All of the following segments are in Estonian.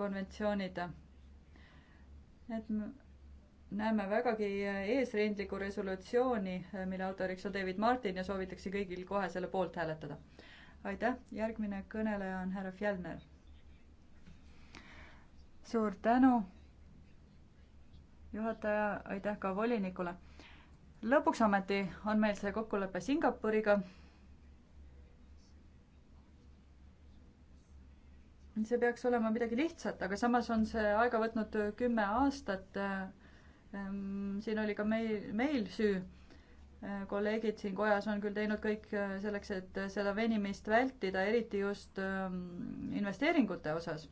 konventsioonid. et näeme vägagi eesrindlikku resolutsiooni, mille autoriks on David Martin ja soovitakse kõigil kohe selle poolt hääletada. aitäh, järgmine kõneleja on härra Fjellner. suur tänu, juhataja, aitäh ka volinikule. lõpuks ometi on meil see kokkulepe Singapuriga see peaks olema midagi lihtsat, aga samas on see aega võtnud kümme aastat. Ehm, siin oli ka meil, meil süü. Ehm, kolleegid siin kojas on küll teinud kõik ehm, selleks, et seda venimist vältida, eriti just investeeringute osas.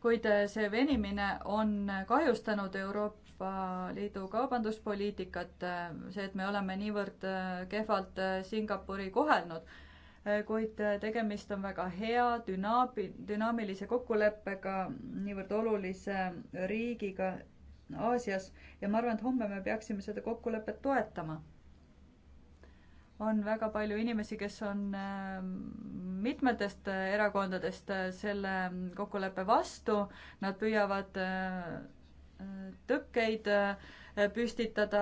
kuid see venimine on kahjustanud Euroopa Euroopa Liidu kaubanduspoliitikat, see, et me oleme niivõrd kehvalt Singapuri kohelnud Äh, kuid äh, tegemist on väga hea dünaabi-, dünaamilise kokkuleppega niivõrd olulise riigiga Aasias ja ma arvan, et homme me peaksime seda kokkulepet toetama. on väga palju inimesi, kes on äh, mitmetest erakondadest selle kokkuleppe vastu, nad püüavad tõkkeid äh, püstitada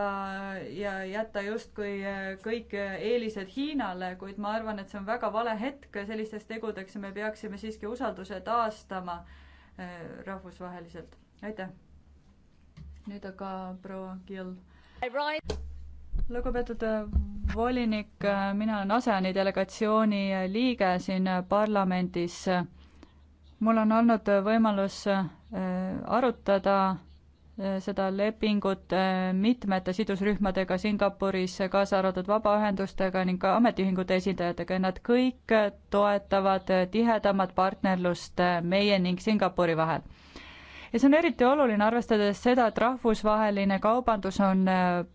ja jätta justkui äh, kõik äh, eelised Hiinale, kuid ma arvan, et see on väga vale hetk sellisteks tegudeks ja me peaksime siiski usalduse taastama äh, rahvusvaheliselt. aitäh! nüüd aga proua Kill. lugupeetud volinik, mina olen ASEAN-i delegatsiooni liige siin parlamendis. mul on olnud võimalus arutada Äh, seda lepingut äh, mitmete sidusrühmadega Singapuris, kaasa arvatud vabaühendustega ning ka ametiühingute esindajatega ja nad kõik toetavad äh, tihedamat partnerlust meie ning Singapuri vahel. ja see on eriti oluline, arvestades seda, et rahvusvaheline kaubandus on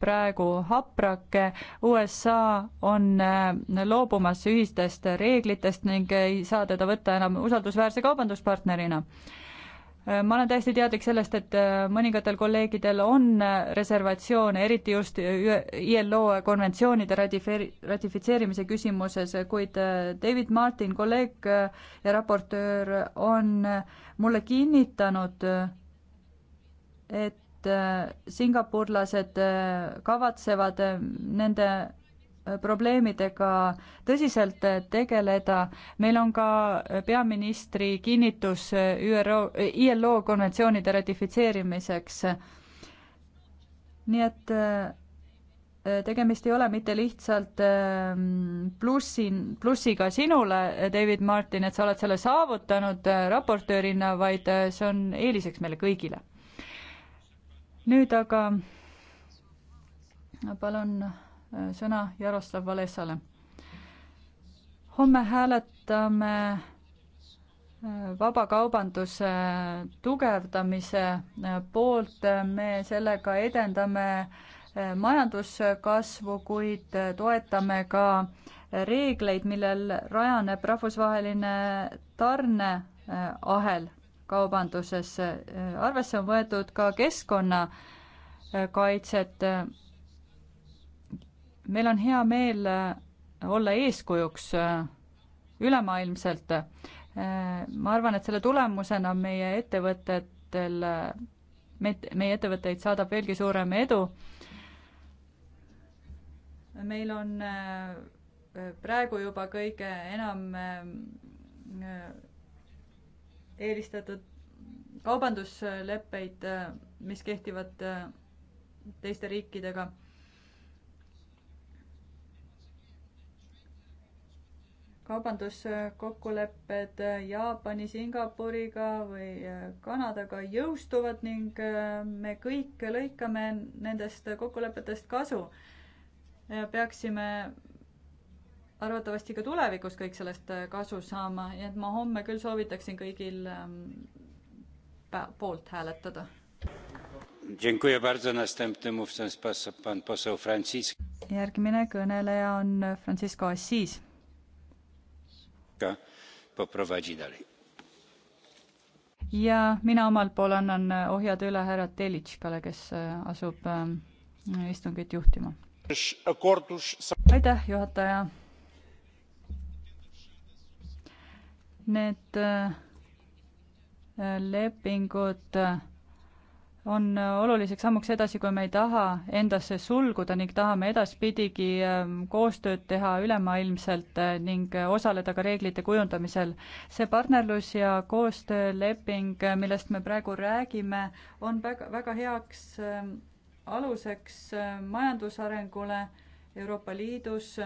praegu haprake, USA on loobumas ühistest reeglitest ning ei saa teda võtta enam usaldusväärse kaubanduspartnerina Äh, ma olen täiesti teadlik sellest, et äh, mõningatel kolleegidel on äh, reservatsioone, eriti just ILO konventsioonide ratifeeri-, ratifitseerimise küsimuses, kuid David Martin, kolleeg ja raportöör, on mulle kinnitanud, et singapurlased kavatsevad nende probleemidega tõsiselt tegeleda. meil on ka peaministri kinnitus ÜRO, ILO konventsioonide ratifitseerimiseks. nii et äh, tegemist ei ole mitte lihtsalt äh, plussi, plussiga sinule, David Martin, et sa oled selle saavutanud äh, raportöörina, vaid see on eeliseks meile kõigile. nüüd aga palun Äh, sõna Jaroslav Valesale. homme hääletame äh, vabakaubanduse tugevdamise äh, poolt, me sellega edendame majanduskasvu, kuid toetame ka reegleid, millel rajaneb rahvusvaheline tarneahel kaubanduses. arvesse on võetud ka keskkonnakaitset meil on hea meel äh, olla eeskujuks äh, ülemaailmselt. Äh, ma arvan, et selle tulemusena meie ettevõtetel, meie ettevõtteid saadab veelgi suurem edu. meil on praegu juba kõige enam eelistatud kaubandusleppeid, mis kehtivad teiste riikidega kaubanduskokkulepped Jaapani, Singapuriga või äh, Kanadaga jõustuvad ning äh, me kõik lõikame nendest kokkulepetest kasu. peaksime arvatavasti ka tulevikus kõik sellest äh, kasu saama, nii et ma homme küll soovitaksin kõigil ähm, poolt hääletada. järgmine kõneleja on Francisco Assis poliitika poprowadzi dalej. ja mina omalt pool annan e, ohjad üle härra Telitškale, kes e, asub e, istungit juhtima. aitäh, juhataja. Need lepingud on äh, oluliseks sammuks edasi, kui me ei taha endasse sulguda ning tahame edaspidigi ähm, koostööd teha ülemaailmselt äh, ning äh, osaleda ka reeglite kujundamisel. see partnerlus ja koostööleping, millest me praegu räägime, on väga, väga heaks ähm, aluseks majandusarengule Euroopa Liidus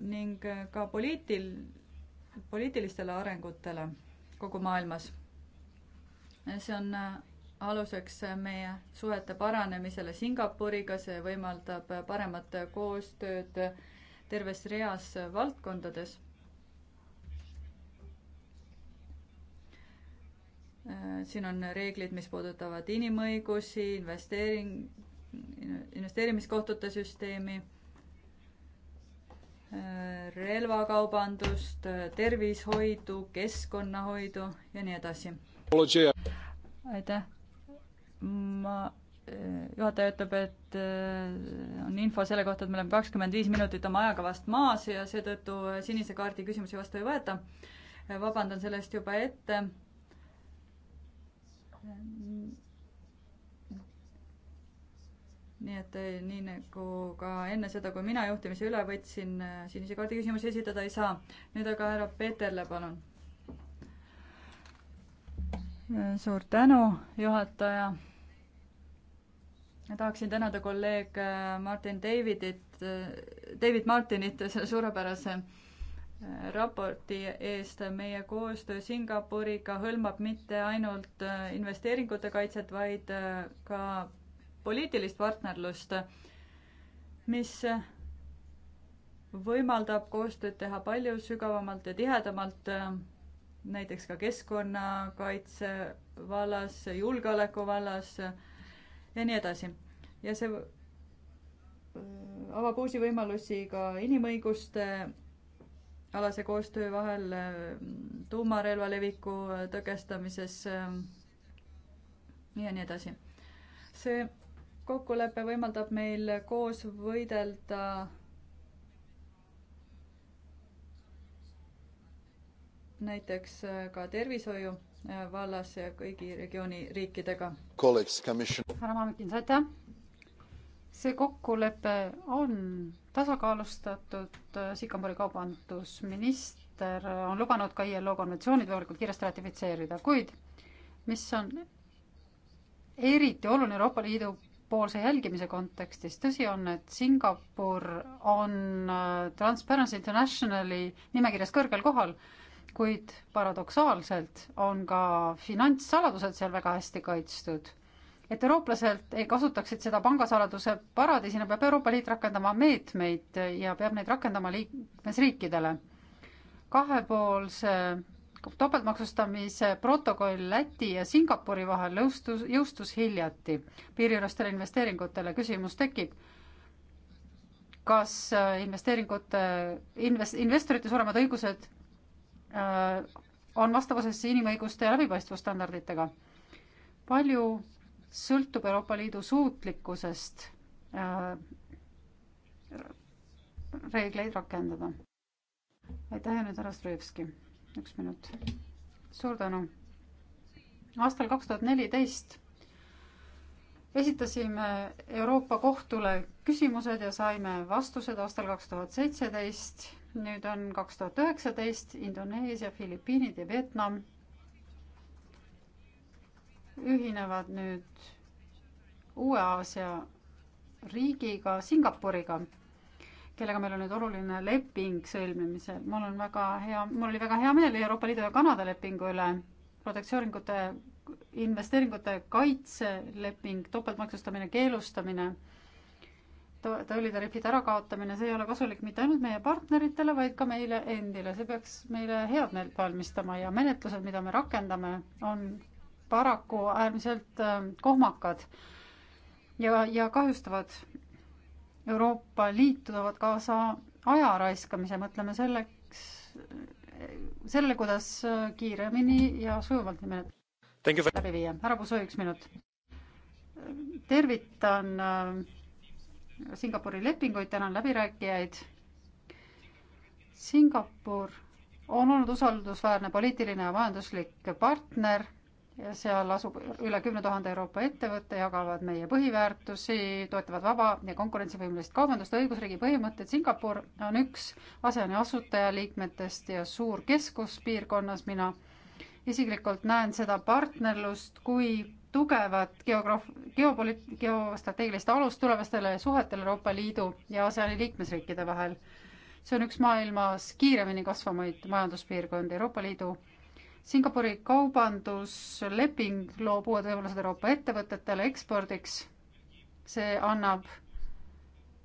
ning ka poliitil, poliitilistele arengutele kogu maailmas. see on aluseks meie suhete paranemisele Singapuriga, see võimaldab paremat koostööd terves reas valdkondades. siin on reeglid, mis puudutavad inimõigusi, investeering, investeerimiskohtute süsteemi, relvakaubandust, tervishoidu, keskkonnahoidu ja nii edasi. aitäh ma, eh, juhataja ütleb, et eh, on info selle kohta, et me oleme kakskümmend viis minutit oma ajakavast maas ja seetõttu eh, sinise kaardi küsimusi vastu ei võeta. vabandan selle eest juba ette. nii et nii nagu ka enne seda, kui mina juhtimise üle võtsin, sinise kaardi küsimusi esitada ei saa. nüüd aga härra Peterle, palun suur tänu, juhataja. tahaksin tänada kolleeg äh, Martin Davidit, äh, David Martinit selle suurepärase äh, raporti eest. meie koostöö Singapuriga hõlmab mitte ainult investeeringute kaitset, vaid ka poliitilist partnerlust, mis võimaldab koostööd teha palju sügavamalt ja tihedamalt näiteks ka keskkonnakaitse vallas, julgeoleku vallas ja nii edasi. ja see äh, avab uusi võimalusi ka inimõiguste alase koostöö vahel, äh, tuumarelva leviku äh, tõkestamises ja nii edasi. see kokkulepe võimaldab meil koos võidelda näiteks äh, ka tervishoiu äh, vallas ja kõigi regiooni riikidega. härra Maamikin, aitäh! see kokkulepe on tasakaalustatud, äh, Sikambori kaubandusminister on lubanud ka ILO konventsioonid võimalikult kiiresti ratifitseerida, kuid mis on eriti oluline Euroopa Liidu poolse jälgimise kontekstis, tõsi on, et Singapur on Transparency Internationali nimekirjas kõrgel kohal kuid paradoksaalselt on ka finantssaladused seal väga hästi kaitstud. et eurooplased ei kasutaksid seda pangasaladuse paradiisina, peab Euroopa Liit rakendama meetmeid ja peab neid rakendama liikmesriikidele. kahepoolse topeltmaksustamise protokoll Läti ja Singapuri vahel jõustus, jõustus hiljuti. piiriülestele investeeringutele küsimus tekib kas investeeringute invest-, investorite suuremad õigused Äh, on vastavuses inimõiguste ja läbipaistvusstandarditega. palju sõltub Euroopa Liidu suutlikkusest äh, reegleid rakendada. aitäh ja nüüd härra Strojevski, üks minut. suur tänu. aastal kaks tuhat neliteist esitasime Euroopa Kohtule küsimused ja saime vastused aastal kaks tuhat seitseteist nüüd on kaks tuhat üheksateist Indoneesia, Filipiinid ja Vietnam ühinevad nüüd uue Aasia riigiga, Singapuriga, kellega meil on nüüd oluline leping sõlmimisel. mul on väga hea, mul oli väga hea meel Euroopa Liidu ja Kanada lepingu üle, protektsiooningute, investeeringute kaitseleping, topeltmaksustamine, keelustamine tollitariifide ärakaotamine, see ei ole kasulik mitte ainult meie partneritele, vaid ka meile endile, see peaks meile head meelt valmistama ja menetlused, mida me rakendame, on paraku äärmiselt äh, kohmakad ja, ja kahjustavad Euroopa Liitu, toovad kaasa aja raiskamise, mõtleme selleks, sellele, kuidas äh, kiiremini ja sujuvalt nimed läbi viia. härra Pusoo, üks minut. tervitan äh, Singapuri lepinguid, tänan läbirääkijaid. Singapur on olnud usaldusväärne poliitiline ja majanduslik partner ja seal asub üle kümne tuhande Euroopa ettevõtte, jagavad meie põhiväärtusi, toetavad vaba ja konkurentsivõimelist kaubandust, õigusriigi põhimõtteid. Singapur on üks ASEAN-i asutajaliikmetest ja suur keskus piirkonnas. mina isiklikult näen seda partnerlust kui tugevat geograaf-, geopoliit-, geostrateegilist alust tulevastele suhetele Euroopa Liidu ja ASEAN-i liikmesriikide vahel. see on üks maailmas kiiremini kasvavaid majanduspiirkondi Euroopa Liidu. Singapuri kaubandusleping loob uued võimalused Euroopa ettevõtetele ekspordiks. see annab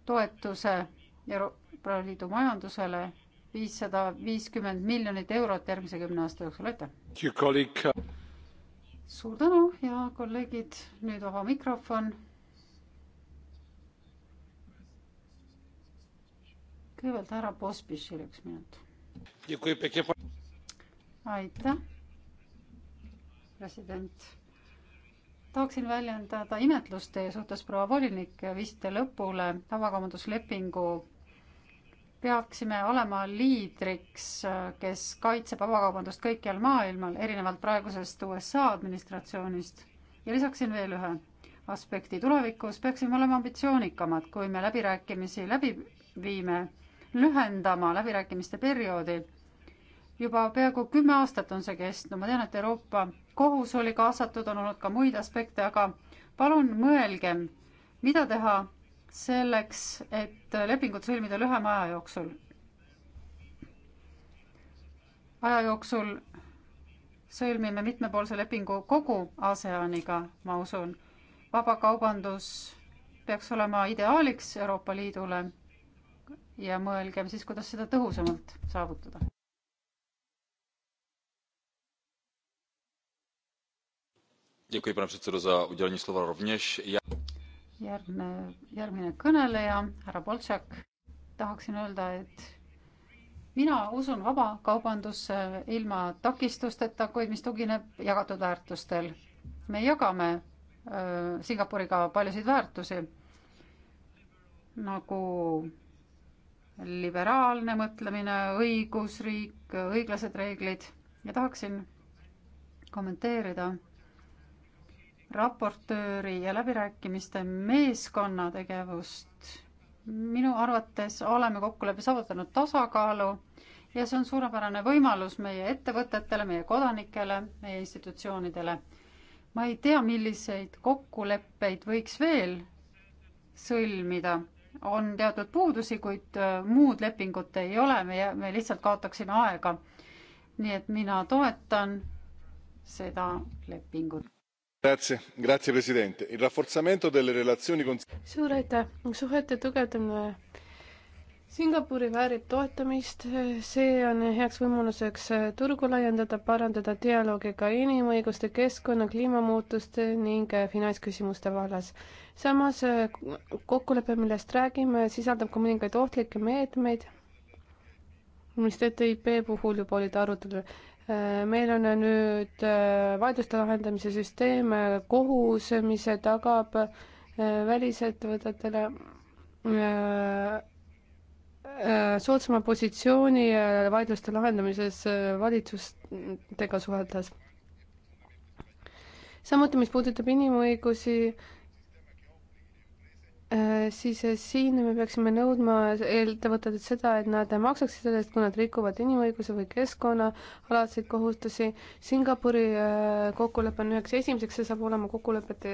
toetuse Euroopa Liidu majandusele viissada viiskümmend miljonit eurot järgmise kümne aasta jooksul, aitäh! suur tänu ja kolleegid, nüüd vaba mikrofon. kõigepealt härra Pospišil üks minut. aitäh, president. tahaksin väljendada imetlust teie suhtes, proua volinik, viisite lõpule tavakaubanduslepingu peaksime olema liidriks, kes kaitseb vabakaubandust kõikjal maailmal, erinevalt praegusest USA administratsioonist. ja lisaksin veel ühe aspekti. tulevikus peaksime olema ambitsioonikamad, kui me läbirääkimisi läbi viime, lühendama läbirääkimiste perioodi. juba peaaegu kümme aastat on see kestnud, ma tean, et Euroopa Kohus oli kaasatud, on olnud ka muid aspekte, aga palun mõelgem, mida teha selleks, et lepingut sõlmida lühema aja jooksul. aja jooksul sõlmime mitmepoolse lepingu kogu ASEANiga, ma usun. vabakaubandus peaks olema ideaaliks Euroopa Liidule ja mõelgem siis, kuidas seda tõhusamalt saavutada. Děkuji, pane předsedo, za udělení slova rovněž. Já järgne, järgmine kõneleja, härra Boltšak, tahaksin öelda, et mina usun vabakaubandusse ilma takistusteta, kuid mis tugineb jagatud väärtustel. me jagame äh, Singapuriga paljusid väärtusi nagu liberaalne mõtlemine, õigusriik, õiglased reeglid ja tahaksin kommenteerida raportööri ja läbirääkimiste meeskonna tegevust. minu arvates oleme kokkuleppe saavutanud tasakaalu ja see on suurepärane võimalus meie ettevõtetele, meie kodanikele, meie institutsioonidele. ma ei tea, milliseid kokkuleppeid võiks veel sõlmida, on teatud puudusi, kuid äh, muud lepingut ei ole, meie, me lihtsalt kaotaksime aega. nii et mina toetan seda lepingut signor presidente il rafforzamento delle relazioni con. suur aitäh! suhete tugevdamine singapuri väärib toetamist see on heaks võimaluseks turgu laiendada parandada dialoogi ka inimõiguste keskkonna kliimamuutuste ning finantsküsimuste vallas. samas kokkulepe millest räägime sisaldab ka mõningaid ohtlikke meetmeid mis ttip puhul juba olid arutelul meil on nüüd äh, vaidluste lahendamise süsteem, äh, kohus, mis tagab äh, välisettevõtetele soodsama positsiooni vaidluste lahendamises valitsustega suheldes. samuti, mis puudutab inimõigusi, Äh, siis äh, siin me peaksime nõudma ettevõtetelt seda, et nad maksaksid selle eest, kui nad rikuvad inimõiguse või keskkonnaalaseid kohustusi. Singapuri äh, kokkulepe on üheks esimeseks, see saab olema kokkulepete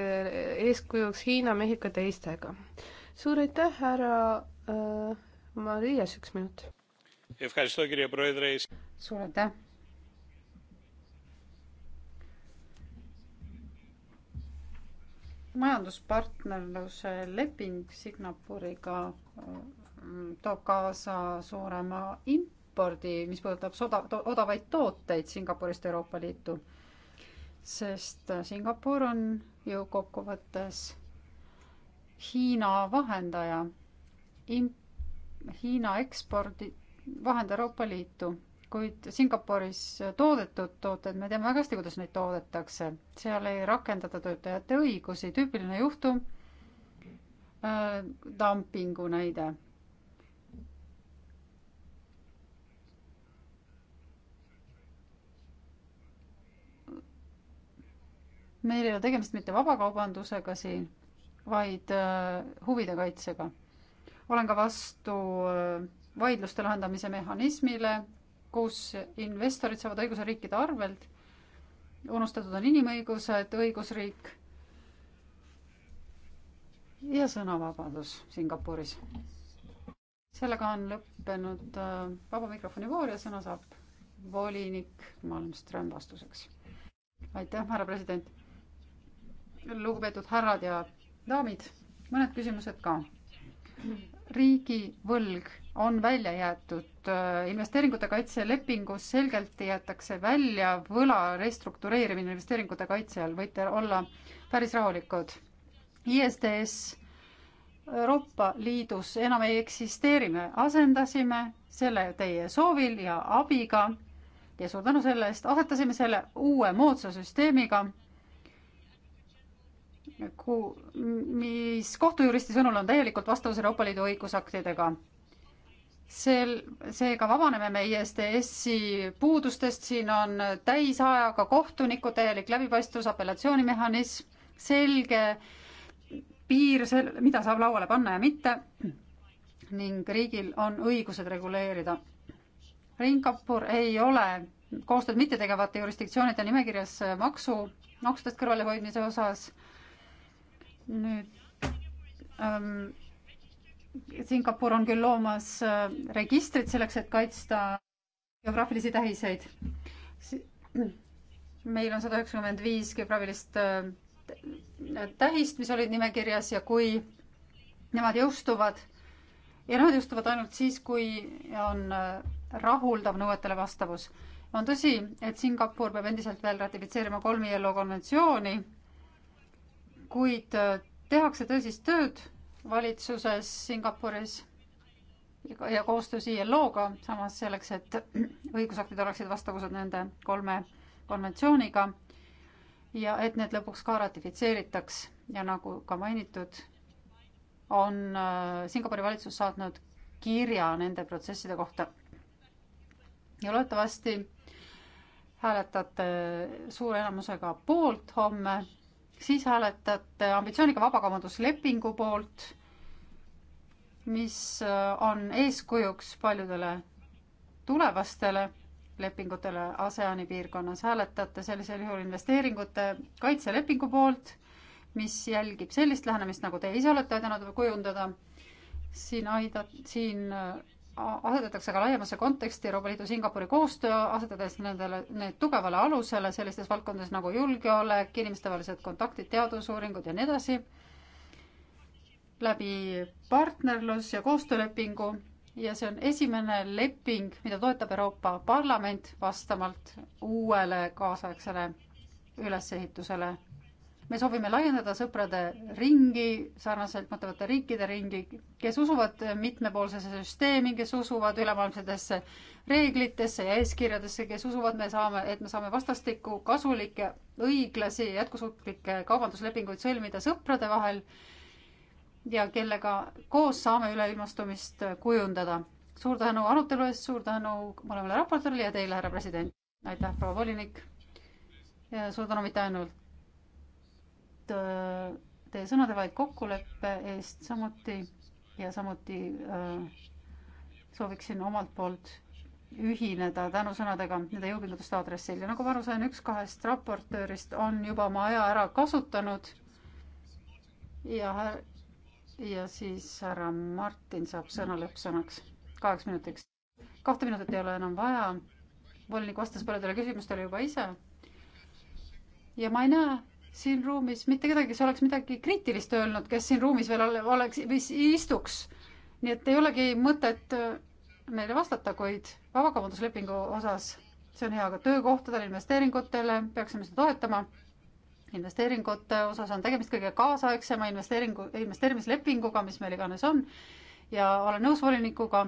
eeskujuks Hiina, Mehhiko teistega. suur aitäh, härra äh, Marias, üks minut. suur aitäh majanduspartnerluse leping Singapuriga mm, toob kaasa suurema impordi, mis puudutab soda, odavaid tooteid Singapurist Euroopa Liitu. sest Singapur on ju kokkuvõttes Hiina vahendaja, Hiina ekspordi vahend Euroopa Liitu kuid Singapuris toodetud tooted, me teame väga hästi, kuidas neid toodetakse, seal ei rakendata töötajate õigusi, tüüpiline juhtum äh,, dumpingu näide. meil ei ole tegemist mitte vabakaubandusega siin, vaid äh, huvide kaitsega. olen ka vastu äh, vaidluste lahendamise mehhanismile, kus investorid saavad õiguse riikide arvelt, unustatud on inimõigused, õigusriik ja sõnavabadus Singapuris. sellega on lõppenud äh, vaba mikrofoni voor ja sõna saab volinik Malmström vastuseks. aitäh, härra president. lugupeetud härrad ja daamid, mõned küsimused ka riigivõlg on välja jäetud, investeeringute kaitse lepingus selgelt jäetakse välja võla restruktureerimine investeeringute kaitse all, võite olla päris rahulikud. ISDS Euroopa Liidus enam ei eksisteeri, me asendasime selle teie soovil ja abiga ja suur tänu selle eest, asetasime selle uue moodsa süsteemiga ku-, mis kohtujuristi sõnul on täielikult vastavus Euroopa Liidu õigusaktidega. sel, seega vabaneme me ISDS-i puudustest, siin on täisajaga kohtunikud, täielik läbipaistvus, apellatsioonimehhanism, selge piir, sel-, mida saab lauale panna ja mitte, ning riigil on õigused reguleerida. Rein Kappur ei ole koostööd mittetegevate jurisdiktsioonide nimekirjas maksu, maksudest kõrvalehoidmise osas nüüd ähm, Singapur on küll loomas äh, registrit selleks, et kaitsta geograafilisi tähiseid. meil on sada üheksakümmend viis geograafilist äh, tähist, mis olid nimekirjas ja kui nemad jõustuvad ja nemad jõustuvad ainult siis, kui on äh, rahuldav nõuetele vastavus. on tõsi, et Singapur peab endiselt veel ratifitseerima kolm ILO konventsiooni kuid äh, tehakse tõsist tööd valitsuses Singapuris ja koostöös ILO-ga, samas selleks, et õigusaktid oleksid vastavuses nende kolme konventsiooniga ja et need lõpuks ka ratifitseeritaks ja nagu ka mainitud, on äh, Singapuri valitsus saatnud kirja nende protsesside kohta. ja loodetavasti hääletate suure enamusega poolt homme siis hääletate ambitsiooniga vabakaubanduslepingu poolt, mis äh, on eeskujuks paljudele tulevastele lepingutele ASEAN-i piirkonnas, hääletate sellisel juhul investeeringute kaitselepingu poolt, mis jälgib sellist lähenemist, nagu teie ise olete aidanud kujundada, siin aida-, siin äh, asetatakse ka laiemasse konteksti Euroopa Liidu Singapuri koostöö, asetades nendele, need tugevale alusele sellistes valdkondades nagu julgeolek, inimestevahelised kontaktid, teadusuuringud ja nii edasi, läbi partnerlus- ja koostöölepingu ja see on esimene leping, mida toetab Euroopa Parlament vastavalt uuele kaasaegsele ülesehitusele me soovime laiendada sõprade ringi, sarnaselt mõtlevate riikide ringi, kes usuvad mitmepoolsesse süsteemi, kes usuvad ülemaailmsetesse reeglitesse ja eeskirjadesse, kes usuvad, me saame, et me saame vastastikku kasulikke, õiglasi, jätkusuutlikke kaubanduslepinguid sõlmida sõprade vahel ja kellega koos saame üleilmastumist kujundada. suur tänu arutelu eest, suur tänu mõlemale raportöörile ja teile, härra president. aitäh, proua volinik. ja suur tänu mitte ainult ainult äh, teie sõnade, vaid kokkuleppe eest samuti ja samuti äh, sooviksin omalt poolt ühineda tänusõnadega nende jõupingutuste aadressil ja nagu ma aru sain, üks kahest raportöörist on juba oma aja ära kasutanud. ja, ja siis härra Martin saab sõna lõppsõnaks kaheks minutiks. kahte minutit ei ole enam vaja. volinik vastas paljudele küsimustele juba ise. ja ma ei näe siin ruumis mitte kedagi, kes oleks midagi kriitilist öelnud, kes siin ruumis veel oleks või istuks. nii et ei olegi mõtet äh, meile vastata, kuid vabakaubanduslepingu osas see on hea ka töökohtadele, investeeringutele, peaksime seda toetama. investeeringute osas on tegemist kõige kaasaegsema investeeringu, investeerimislepinguga, mis meil iganes on ja olen nõus volinikuga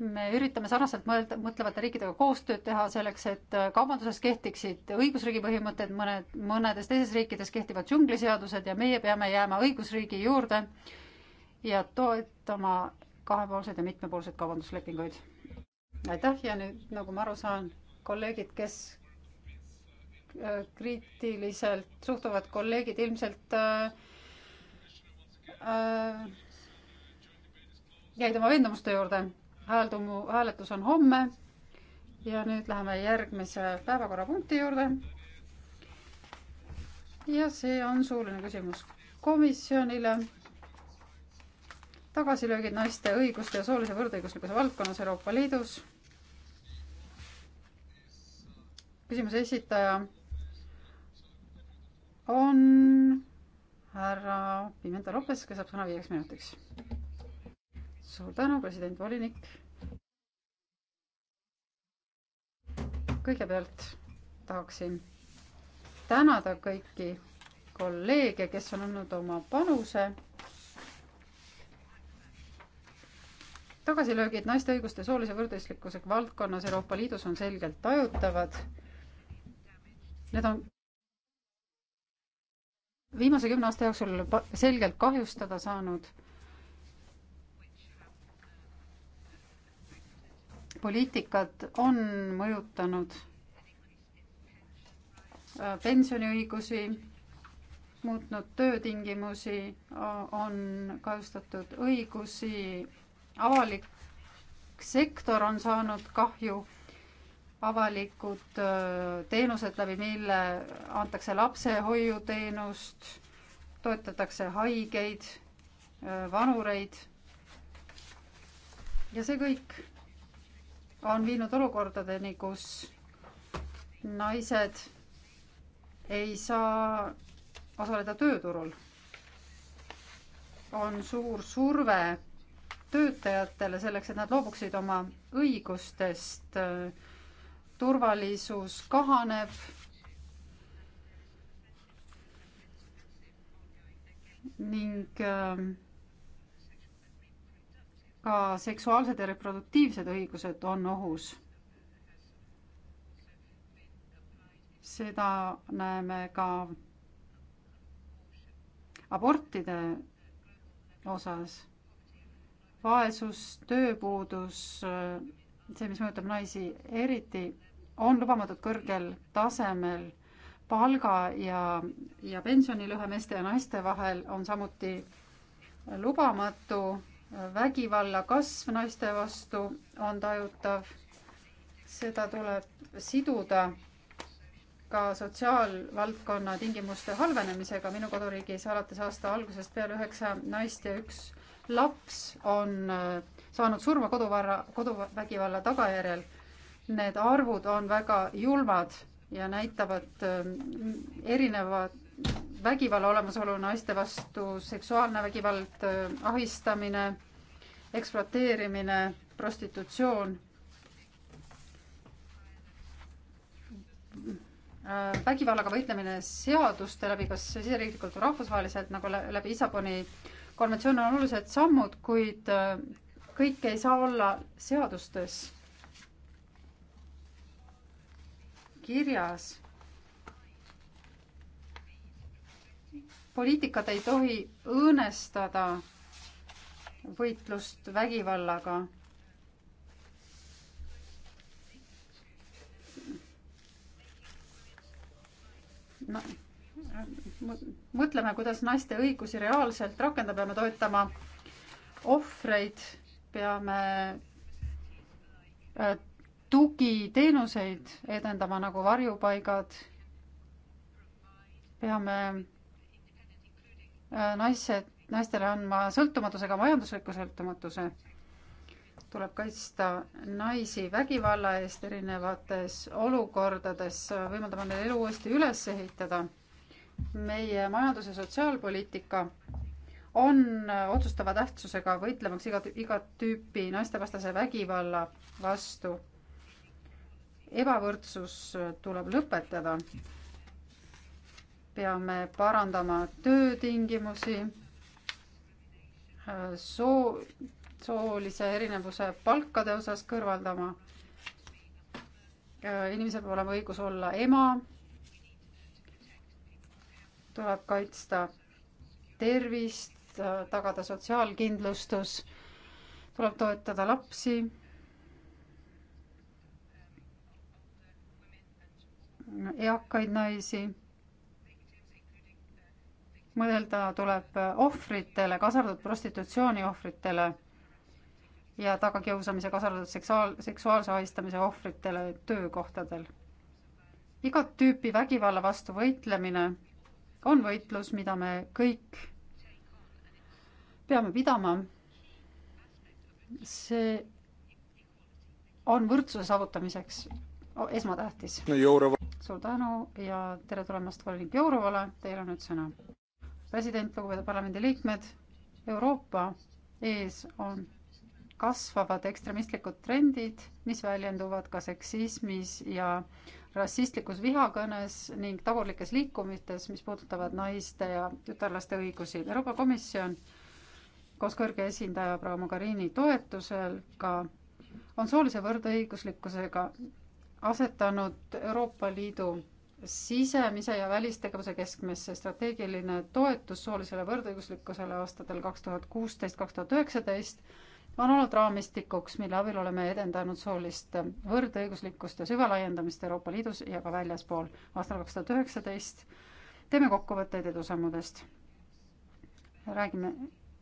me üritame sarnaselt mõelda, mõtlevate riikidega koostööd teha selleks, et äh, kaubanduses kehtiksid õigusriigi põhimõtted, mõned, mõnedes teises riikides kehtivad džungliseadused ja meie peame jääma õigusriigi juurde ja toetama kahepoolseid ja mitmepoolseid kaubanduslepinguid. aitäh ja nüüd, nagu ma aru saan, kolleegid, kes äh, kriitiliselt suhtuvad, kolleegid ilmselt äh, äh, jäid oma veendumuste juurde hääldumu, hääletus on homme. ja nüüd läheme järgmise päevakorrapunkti juurde. ja see on suuline küsimus komisjonile. tagasilöögid naiste õiguste ja soolise võrdõiguslikkuse valdkonnas Euroopa Liidus. küsimuse esitaja on härra Pimenta Lopes, kes saab sõna viieks minutiks suur tänu, president, volinik. kõigepealt tahaksin tänada kõiki kolleege, kes on andnud oma panuse. tagasilöögid naiste õiguste soolise võrdõiguslikkuse valdkonnas Euroopa Liidus on selgelt tajutavad. Need on viimase kümne aasta jooksul selgelt kahjustada saanud poliitikat on mõjutanud äh, pensioniõigusi, muutnud töötingimusi, on kahjustatud õigusi, avalik sektor on saanud kahju, avalikud äh, teenused, läbi mille antakse lapsehoiuteenust, toetatakse haigeid, äh, vanureid ja see kõik on viinud olukordadeni, kus naised ei saa osaleda tööturul. on suur surve töötajatele selleks, et nad loobuksid oma õigustest. turvalisus kahaneb. ning äh, ka seksuaalsed ja reproduktiivsed õigused on ohus. seda näeme ka abortide osas. vaesus, tööpuudus, see, mis mõjutab naisi eriti, on lubamatult kõrgel tasemel palga ja, ja pensionilõhe meeste ja naiste vahel on samuti lubamatu vägivalla kasv naiste vastu on tajutav. seda tuleb siduda ka sotsiaalvaldkonna tingimuste halvenemisega. minu koduriigis alates aasta algusest peale üheksa naist ja üks laps on äh, saanud surma koduvarra, koduvägivalla tagajärjel. Need arvud on väga julmad ja näitavad äh, erinevat vägivalla olemasolu naiste vastu, seksuaalne vägivald, ahistamine, ekspluateerimine, prostitutsioon vägivallaga võitlemine seaduste läbi, kas siseriiklikult või rahvusvaheliselt nagu läbi Lissaboni konventsioon on olulised sammud, kuid äh, kõik ei saa olla seadustes kirjas. poliitikad ei tohi õõnestada võitlust vägivallaga. no mõtleme, kuidas naiste õigusi reaalselt rakendada, peame toetama ohvreid, peame äh, tugiteenuseid edendama nagu varjupaigad. peame naised, naistele andma sõltumatuse, ka majandusliku sõltumatuse. tuleb kaitsta naisi vägivalla eest erinevates olukordades, võimaldama neil elu uuesti üles ehitada. meie majandus- ja sotsiaalpoliitika on otsustava tähtsusega võitlemaks iga, igat tüüpi naistevastase vägivalla vastu. ebavõrdsus tuleb lõpetada peame parandama töötingimusi, äh, soo, soolise erinevuse palkade osas kõrvaldama. Äh, inimesel peab olema õigus olla ema. tuleb kaitsta tervist, äh, tagada sotsiaalkindlustus, tuleb toetada lapsi. eakaid naisi mõelda tuleb ohvritele, kaasa arvatud prostitutsiooni ohvritele ja tagakiusamise, kaasa arvatud seksuaal, seksuaalse ahistamise ohvritele töökohtadel. igat tüüpi vägivalla vastu võitlemine on võitlus, mida me kõik peame pidama. see on võrdsuse saavutamiseks esmatähtis no,. suur tänu ja tere tulemast volinik Jourovale, teil on nüüd sõna president, lugupeetud parlamendiliikmed, Euroopa ees on kasvavad ekstremistlikud trendid, mis väljenduvad ka seksismis ja rassistlikus vihakõnes ning tagurlikes liikumistes, mis puudutavad naiste ja tütarlaste õigusi. Euroopa Komisjon koos kõrge esindaja proua Mogherini toetusel ka on soolise võrdõiguslikkusega asetanud Euroopa Liidu sisemise ja välistegevuse keskmesse strateegiline toetus soolisele võrdõiguslikkusele aastatel kaks tuhat kuusteist, kaks tuhat üheksateist on olnud raamistikuks, mille abil oleme edendanud soolist võrdõiguslikkust ja süvalaiendamist Euroopa Liidus ja ka väljaspool. aastal kaks tuhat üheksateist teeme kokkuvõtteid edusammudest. räägime,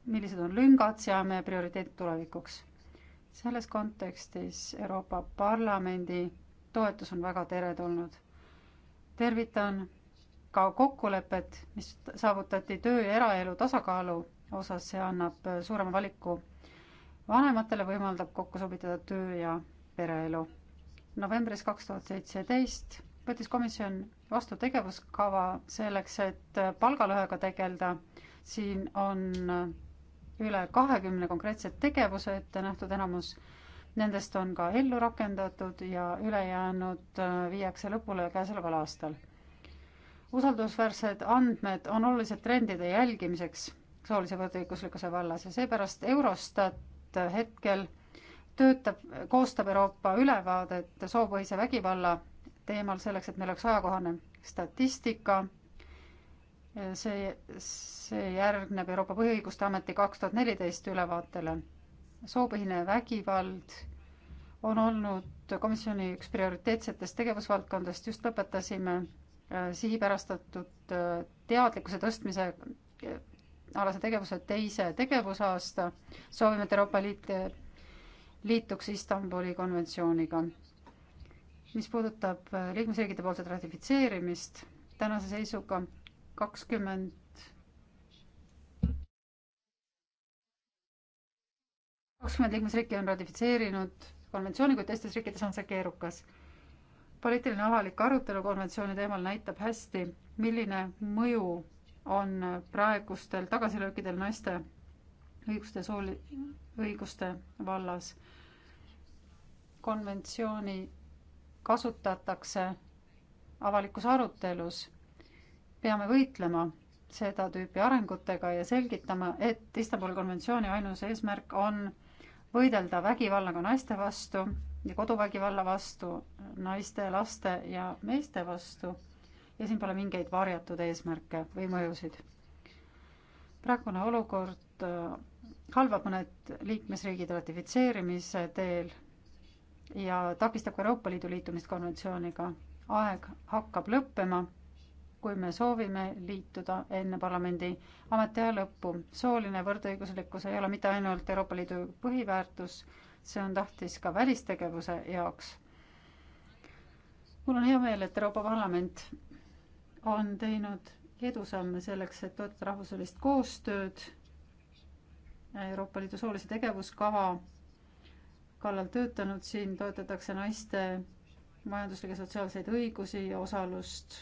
millised on lüngad, seame prioriteedid tulevikuks. selles kontekstis Euroopa Parlamendi toetus on väga teretulnud tervitan ka kokkulepet, mis saavutati töö ja eraelu tasakaalu osas, see annab suurema valiku vanematele, võimaldab kokku sobitada töö ja pereelu. novembris kaks tuhat seitseteist võttis komisjon vastu tegevuskava selleks, et palgalõhega tegeleda. siin on üle kahekümne konkreetse tegevuse ette nähtud, enamus Nendest on ka ellu rakendatud ja ülejäänud äh, viiakse lõpule käesoleval aastal. usaldusväärsed andmed on olulised trendide jälgimiseks soolise võrdõiguslikkuse vallas ja seepärast Eurostat hetkel töötab, koostab Euroopa ülevaadet soopõhise vägivalla teemal selleks, et meil oleks ajakohane statistika. see, see järgneb Euroopa Põhiõiguste Ameti kaks tuhat neliteist ülevaatele soopõhine vägivald on olnud komisjoni üks prioriteetsetest tegevusvaldkondadest, just lõpetasime äh, sihipärastatud äh, teadlikkuse tõstmise äh, alase tegevuse teise tegevusaasta. soovime, et Euroopa Liit liituks Istanbuli konventsiooniga. mis puudutab liikmesriikide poolset ratifitseerimist, tänase seisuga kakskümmend kakskümmend liikmesriiki on ratifitseerinud konventsiooni, kuid teistes riikides on see keerukas. poliitiline avalik arutelu konventsiooni teemal näitab hästi, milline mõju on praegustel tagasilöökidel naiste õiguste sooli, õiguste vallas. konventsiooni kasutatakse avalikus arutelus. peame võitlema seda tüüpi arengutega ja selgitama, et Istanbuli konventsiooni ainus eesmärk on võidelda vägivallaga naiste vastu ja koduvägivalla vastu, naiste, laste ja meeste vastu. ja siin pole mingeid varjatud eesmärke või mõjusid. praegune olukord äh, halvab mõned liikmesriigid ratifitseerimise teel ja takistab ka Euroopa Liidu liitumist konventsiooniga. aeg hakkab lõppema kui me soovime liituda enne parlamendi ametiaja lõppu. sooline võrdõiguslikkus ei ole mitte ainult Euroopa Liidu põhiväärtus, see on tähtis ka välistegevuse jaoks. mul on hea meel, et Euroopa Parlament on teinud edusamme selleks, et toetada rahvusvahelist koostööd. Euroopa Liidu soolise tegevuskava kallal töötanud, siin toetatakse naiste majanduslikke, sotsiaalseid õigusi ja osalust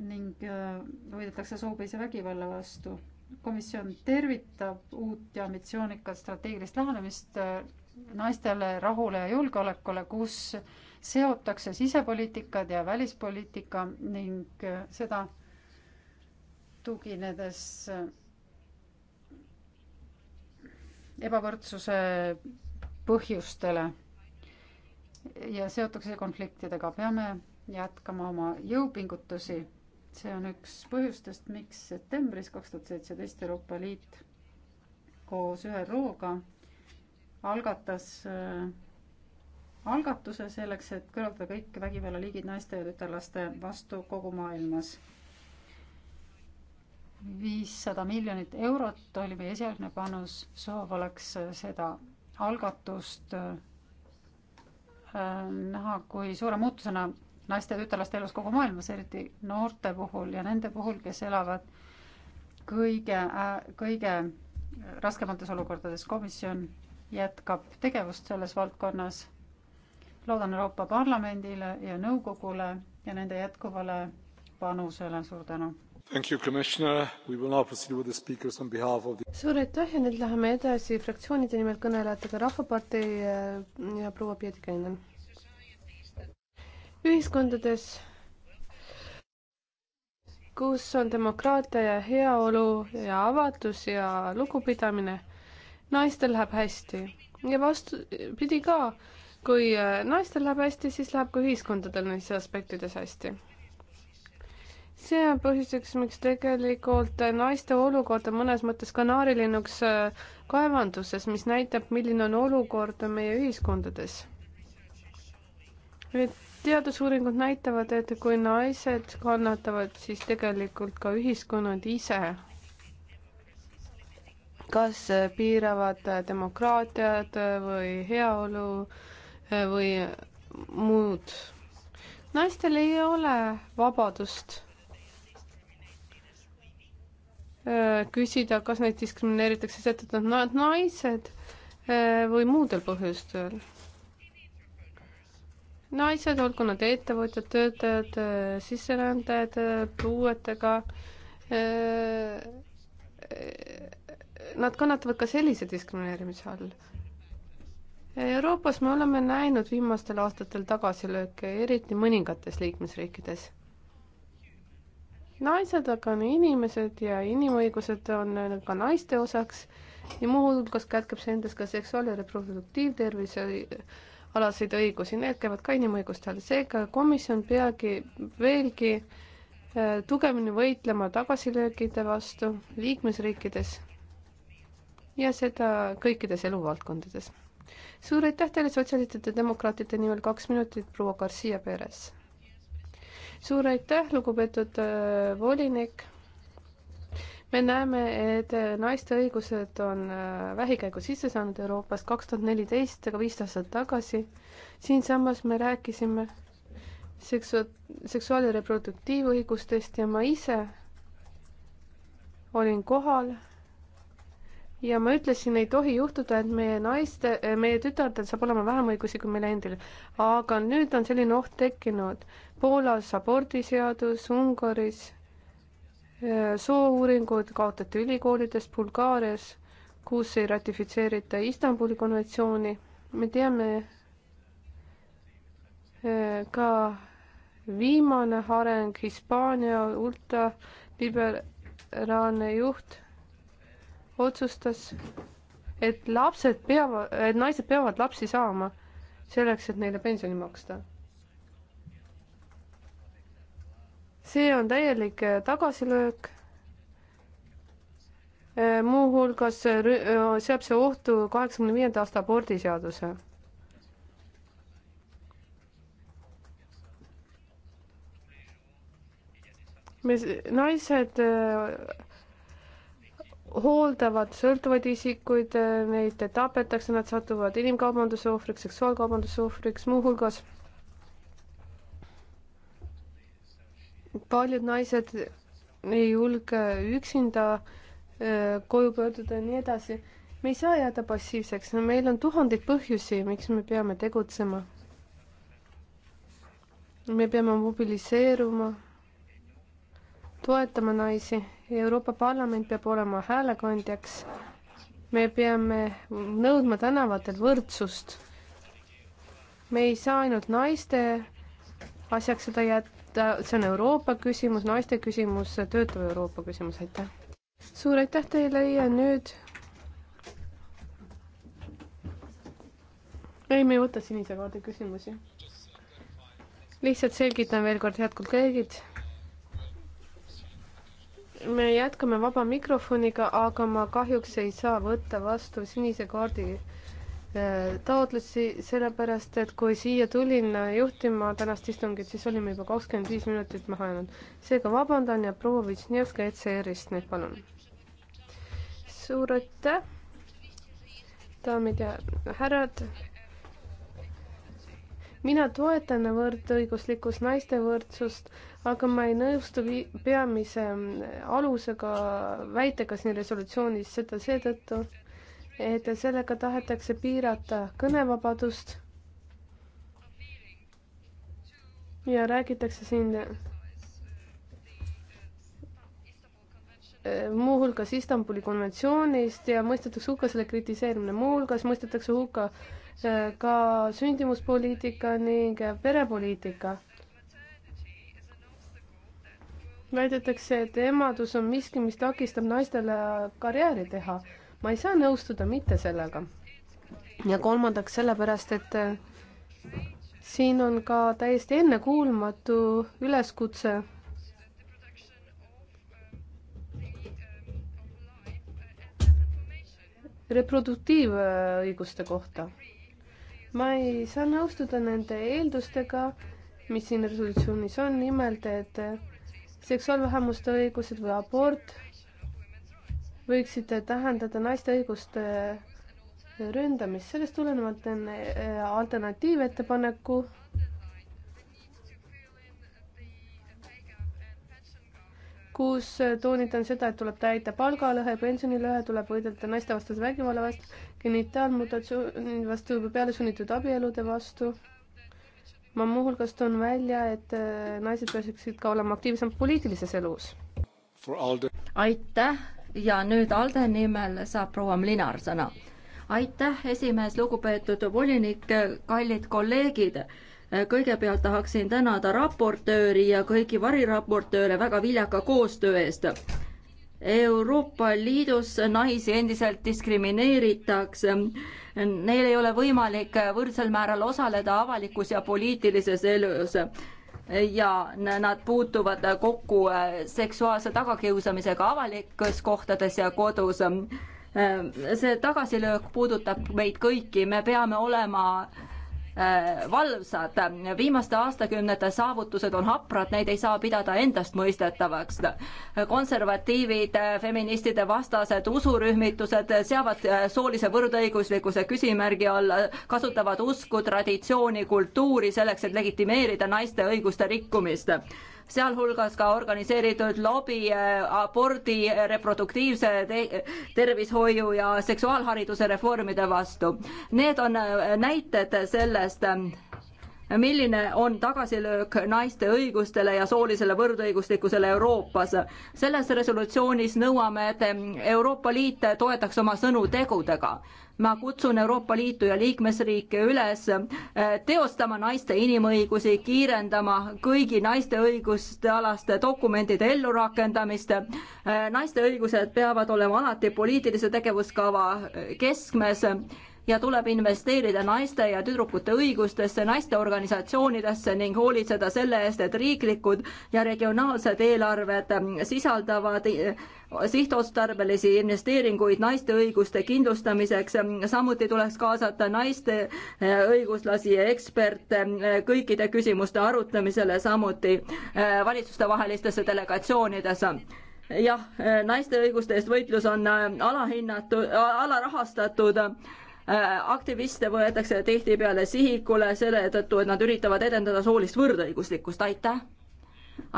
ning äh, võidetakse soopõhise vägivalla vastu. komisjon tervitab uut ja ambitsioonikat strateegilist lähenemist äh, naistele, rahule ja julgeolekule, kus seotakse sisepoliitikad ja välispoliitika ning äh, seda tuginedes ebavõrdsuse põhjustele ja seotakse konfliktidega. peame jätkama oma jõupingutusi. see on üks põhjustest, miks septembris kaks tuhat seitseteist Euroopa Liit koos ÜRO-ga algatas äh, algatuse selleks, et kõrvaldada kõik vägivallaliigid naiste ja tütarlaste vastu kogu maailmas. viissada miljonit eurot oli meie esialgne panus, soov oleks äh, seda algatust äh, äh, näha kui suure muutusena naiste ja tütarlaste elus kogu maailmas, eriti noorte puhul ja nende puhul, kes elavad kõige, kõige raskemates olukordades. komisjon jätkab tegevust selles valdkonnas. loodan Euroopa Parlamendile ja nõukogule ja nende jätkuvale panusele. suur tänu! suur aitäh ja nüüd läheme edasi fraktsioonide nimel kõnelejatega Rahvapartei äh, ja proua Pietikäinen ühiskondades, kus on demokraatia ja heaolu ja avatus ja lugupidamine, naistel läheb hästi ja vastupidi ka, kui äh, naistel läheb hästi, siis läheb ka ühiskondadel neis aspektides hästi. see on põhjuseks, miks tegelikult naiste olukord on mõnes mõttes kanaarilinnuks äh, kaevanduses, mis näitab, milline on olukord meie ühiskondades. et teadusuuringud näitavad, et kui naised kannatavad, siis tegelikult ka ühiskonnad ise kas piiravad demokraatiat või heaolu või muud. naistel ei ole vabadust äh, küsida, kas neid diskrimineeritakse seetõttu, et nad naised äh, või muudel põhjustel naised, olgu nad ettevõtjad, töötajad, äh, sisserändajad, äh, puuetega. Äh, nad kannatavad ka sellise diskrimineerimise all. Euroopas me oleme näinud viimastel aastatel tagasilööke, eriti mõningates liikmesriikides. naised aga on inimesed ja inimõigused on ka naiste osaks ja muuhulgas kätkeb see endas ka seksuaal- ja reproduktiivtervise alaseid õigusi, need käivad ka inimõiguste all, seega komisjon peagi veelgi äh, tugevamini võitlema tagasilöökide vastu liikmesriikides ja seda kõikides eluvaldkondades. suur aitäh teile, sotsialistide demokraatide nimel kaks minutit, proua Garcia Perez. suur aitäh, lugupeetud äh, volinik me näeme, et naiste õigused on äh, vähikäigu sisse saanud Euroopas kaks tuhat neliteist, aga viis aastat tagasi. siinsamas me rääkisime seksu-, seksuaal- ja reproduktiivõigustest ja ma ise olin kohal ja ma ütlesin, ei tohi juhtuda, et meie naiste, meie tütardel saab olema vähem õigusi kui meil endil. aga nüüd on selline oht tekkinud. Poolas abordiseadus, Ungaris soouuringud kaotati ülikoolides Bulgaarias, kus ei ratifitseerita Istanbuli konventsiooni. me teame eh, ka viimane areng, Hispaania ultraliberaalne juht otsustas, et lapsed peavad, et naised peavad lapsi saama selleks, et neile pensioni maksta see on täielik äh, tagasilöök. Äh, muuhulgas äh, seab see ohtu kaheksakümne viienda aasta abordiseaduse me, naised hooldavad sõltuvaid isikuid, neid tapetakse, nad satuvad inimkaubanduse ohvriks, seksuaalkaubanduse ohvriks, muuhulgas paljud naised ei julge üksinda äh, koju pöörduda ja nii edasi. me ei saa jääda passiivseks, no meil on tuhandeid põhjusi, miks me peame tegutsema. me peame mobiliseeruma, toetama naisi ja Euroopa Parlament peab olema häälekandjaks. me peame nõudma tänavatel võrdsust. me ei saa ainult naiste asjaks seda jätta ta, äh, see on Euroopa küsimus, naiste küsimus, töötava Euroopa küsimus, aitäh. suur aitäh teile ja nüüd. ei, me ei võta sinise kaardi küsimusi. lihtsalt selgitan veel kord, head kolleegid. me jätkame vaba mikrofoniga, aga ma kahjuks ei saa võtta vastu sinise kaardi taotlusi, sellepärast et kui siia tulin juhtima tänast istungit, siis olime juba kakskümmend viis minutit maha jäänud. seega vabandan ja proua Vitšnevska ECR-ist nüüd palun. suur aitäh, daamid ja härrad mina toetan võrdõiguslikkust, naiste võrdsust, aga ma ei nõustu peamise alusega väitega siin resolutsioonis, seda seetõttu, et sellega tahetakse piirata kõnevabadust. ja räägitakse siin eh, muuhulgas Istanbuli konventsioonist ja mõistetakse hukka selle kritiseerimine, muuhulgas mõistetakse hukka eh, ka sündimuspoliitika ning perepoliitika. väidetakse, et emadus on miski, mis takistab naistele karjääri teha ma ei saa nõustuda mitte sellega. ja kolmandaks sellepärast, et äh, siin on ka täiesti ennekuulmatu üleskutse reproduktiivõiguste kohta. ma ei saa nõustuda nende eeldustega, mis siin resolutsioonis on, nimelt et äh, seksuaalvähemuste õigused või abort võiksid tähendada naiste õiguste ründamist. sellest tulenevalt teen äh, alternatiivettepaneku. kus toonitan seda, et tuleb täita palgalõhe, pensionilõhe, tuleb võidelda naistevastase vägivalla vastu, genitaalmutatsiooni vastu, pealesunnitud abielude vastu. ma muuhulgas toon välja, et äh, naised peaksid ka olema aktiivsemad poliitilises elus. aitäh ja nüüd ALDE nimel saab proua Mlinar sõna. aitäh, esimees, lugupeetud volinik, kallid kolleegid. kõigepealt tahaksin tänada raportööri ja kõiki variraportööre väga viljaka koostöö eest. Euroopa Liidus naisi endiselt diskrimineeritakse. Neil ei ole võimalik võrdsel määral osaleda avalikus ja poliitilises elus ja nad puutuvad kokku äh, seksuaalse tagakiusamisega avalikes kohtades ja kodus. Äh, see tagasilöök puudutab meid kõiki, me peame olema Äh, valvsad. viimaste aastakümnete saavutused on haprad, neid ei saa pidada endastmõistetavaks. konservatiivid, feministide vastased, usurühmitused seavad äh, soolise võrdõiguslikkuse küsimärgi alla, kasutavad usku, traditsiooni, kultuuri selleks, et legitimeerida naiste õiguste rikkumist sealhulgas ka organiseeritud lobi äh, abordi, äh, reproduktiivse te tervishoiu ja seksuaalhariduse reformide vastu. Need on äh, näited sellest, ähm, milline on tagasilöök naiste õigustele ja soolisele võrdõiguslikkusele Euroopas. selles resolutsioonis nõuame, et Euroopa Liit toetaks oma sõnu tegudega. ma kutsun Euroopa Liitu ja liikmesriike üles eh, teostama naiste inimõigusi, kiirendama kõigi naiste õiguste alaste dokumentide ellurakendamist. Eh, naiste õigused peavad olema alati poliitilise tegevuskava keskmes ja tuleb investeerida naiste ja tüdrukute õigustesse, naisteorganisatsioonidesse ning hoolitseda selle eest, et riiklikud ja regionaalsed eelarved sisaldavad sihtotstarbelisi investeeringuid naiste õiguste kindlustamiseks, samuti tuleks kaasata naiste õiguslasi ja eksperte kõikide küsimuste arutamisele, samuti valitsustevahelistesse delegatsioonidesse jah, naiste õiguste eest võitlus on alahinnatud, alarahastatud Äh, aktiviste võetakse tihtipeale sihikule selle tõttu, et nad üritavad edendada soolist võrdõiguslikkust, aitäh!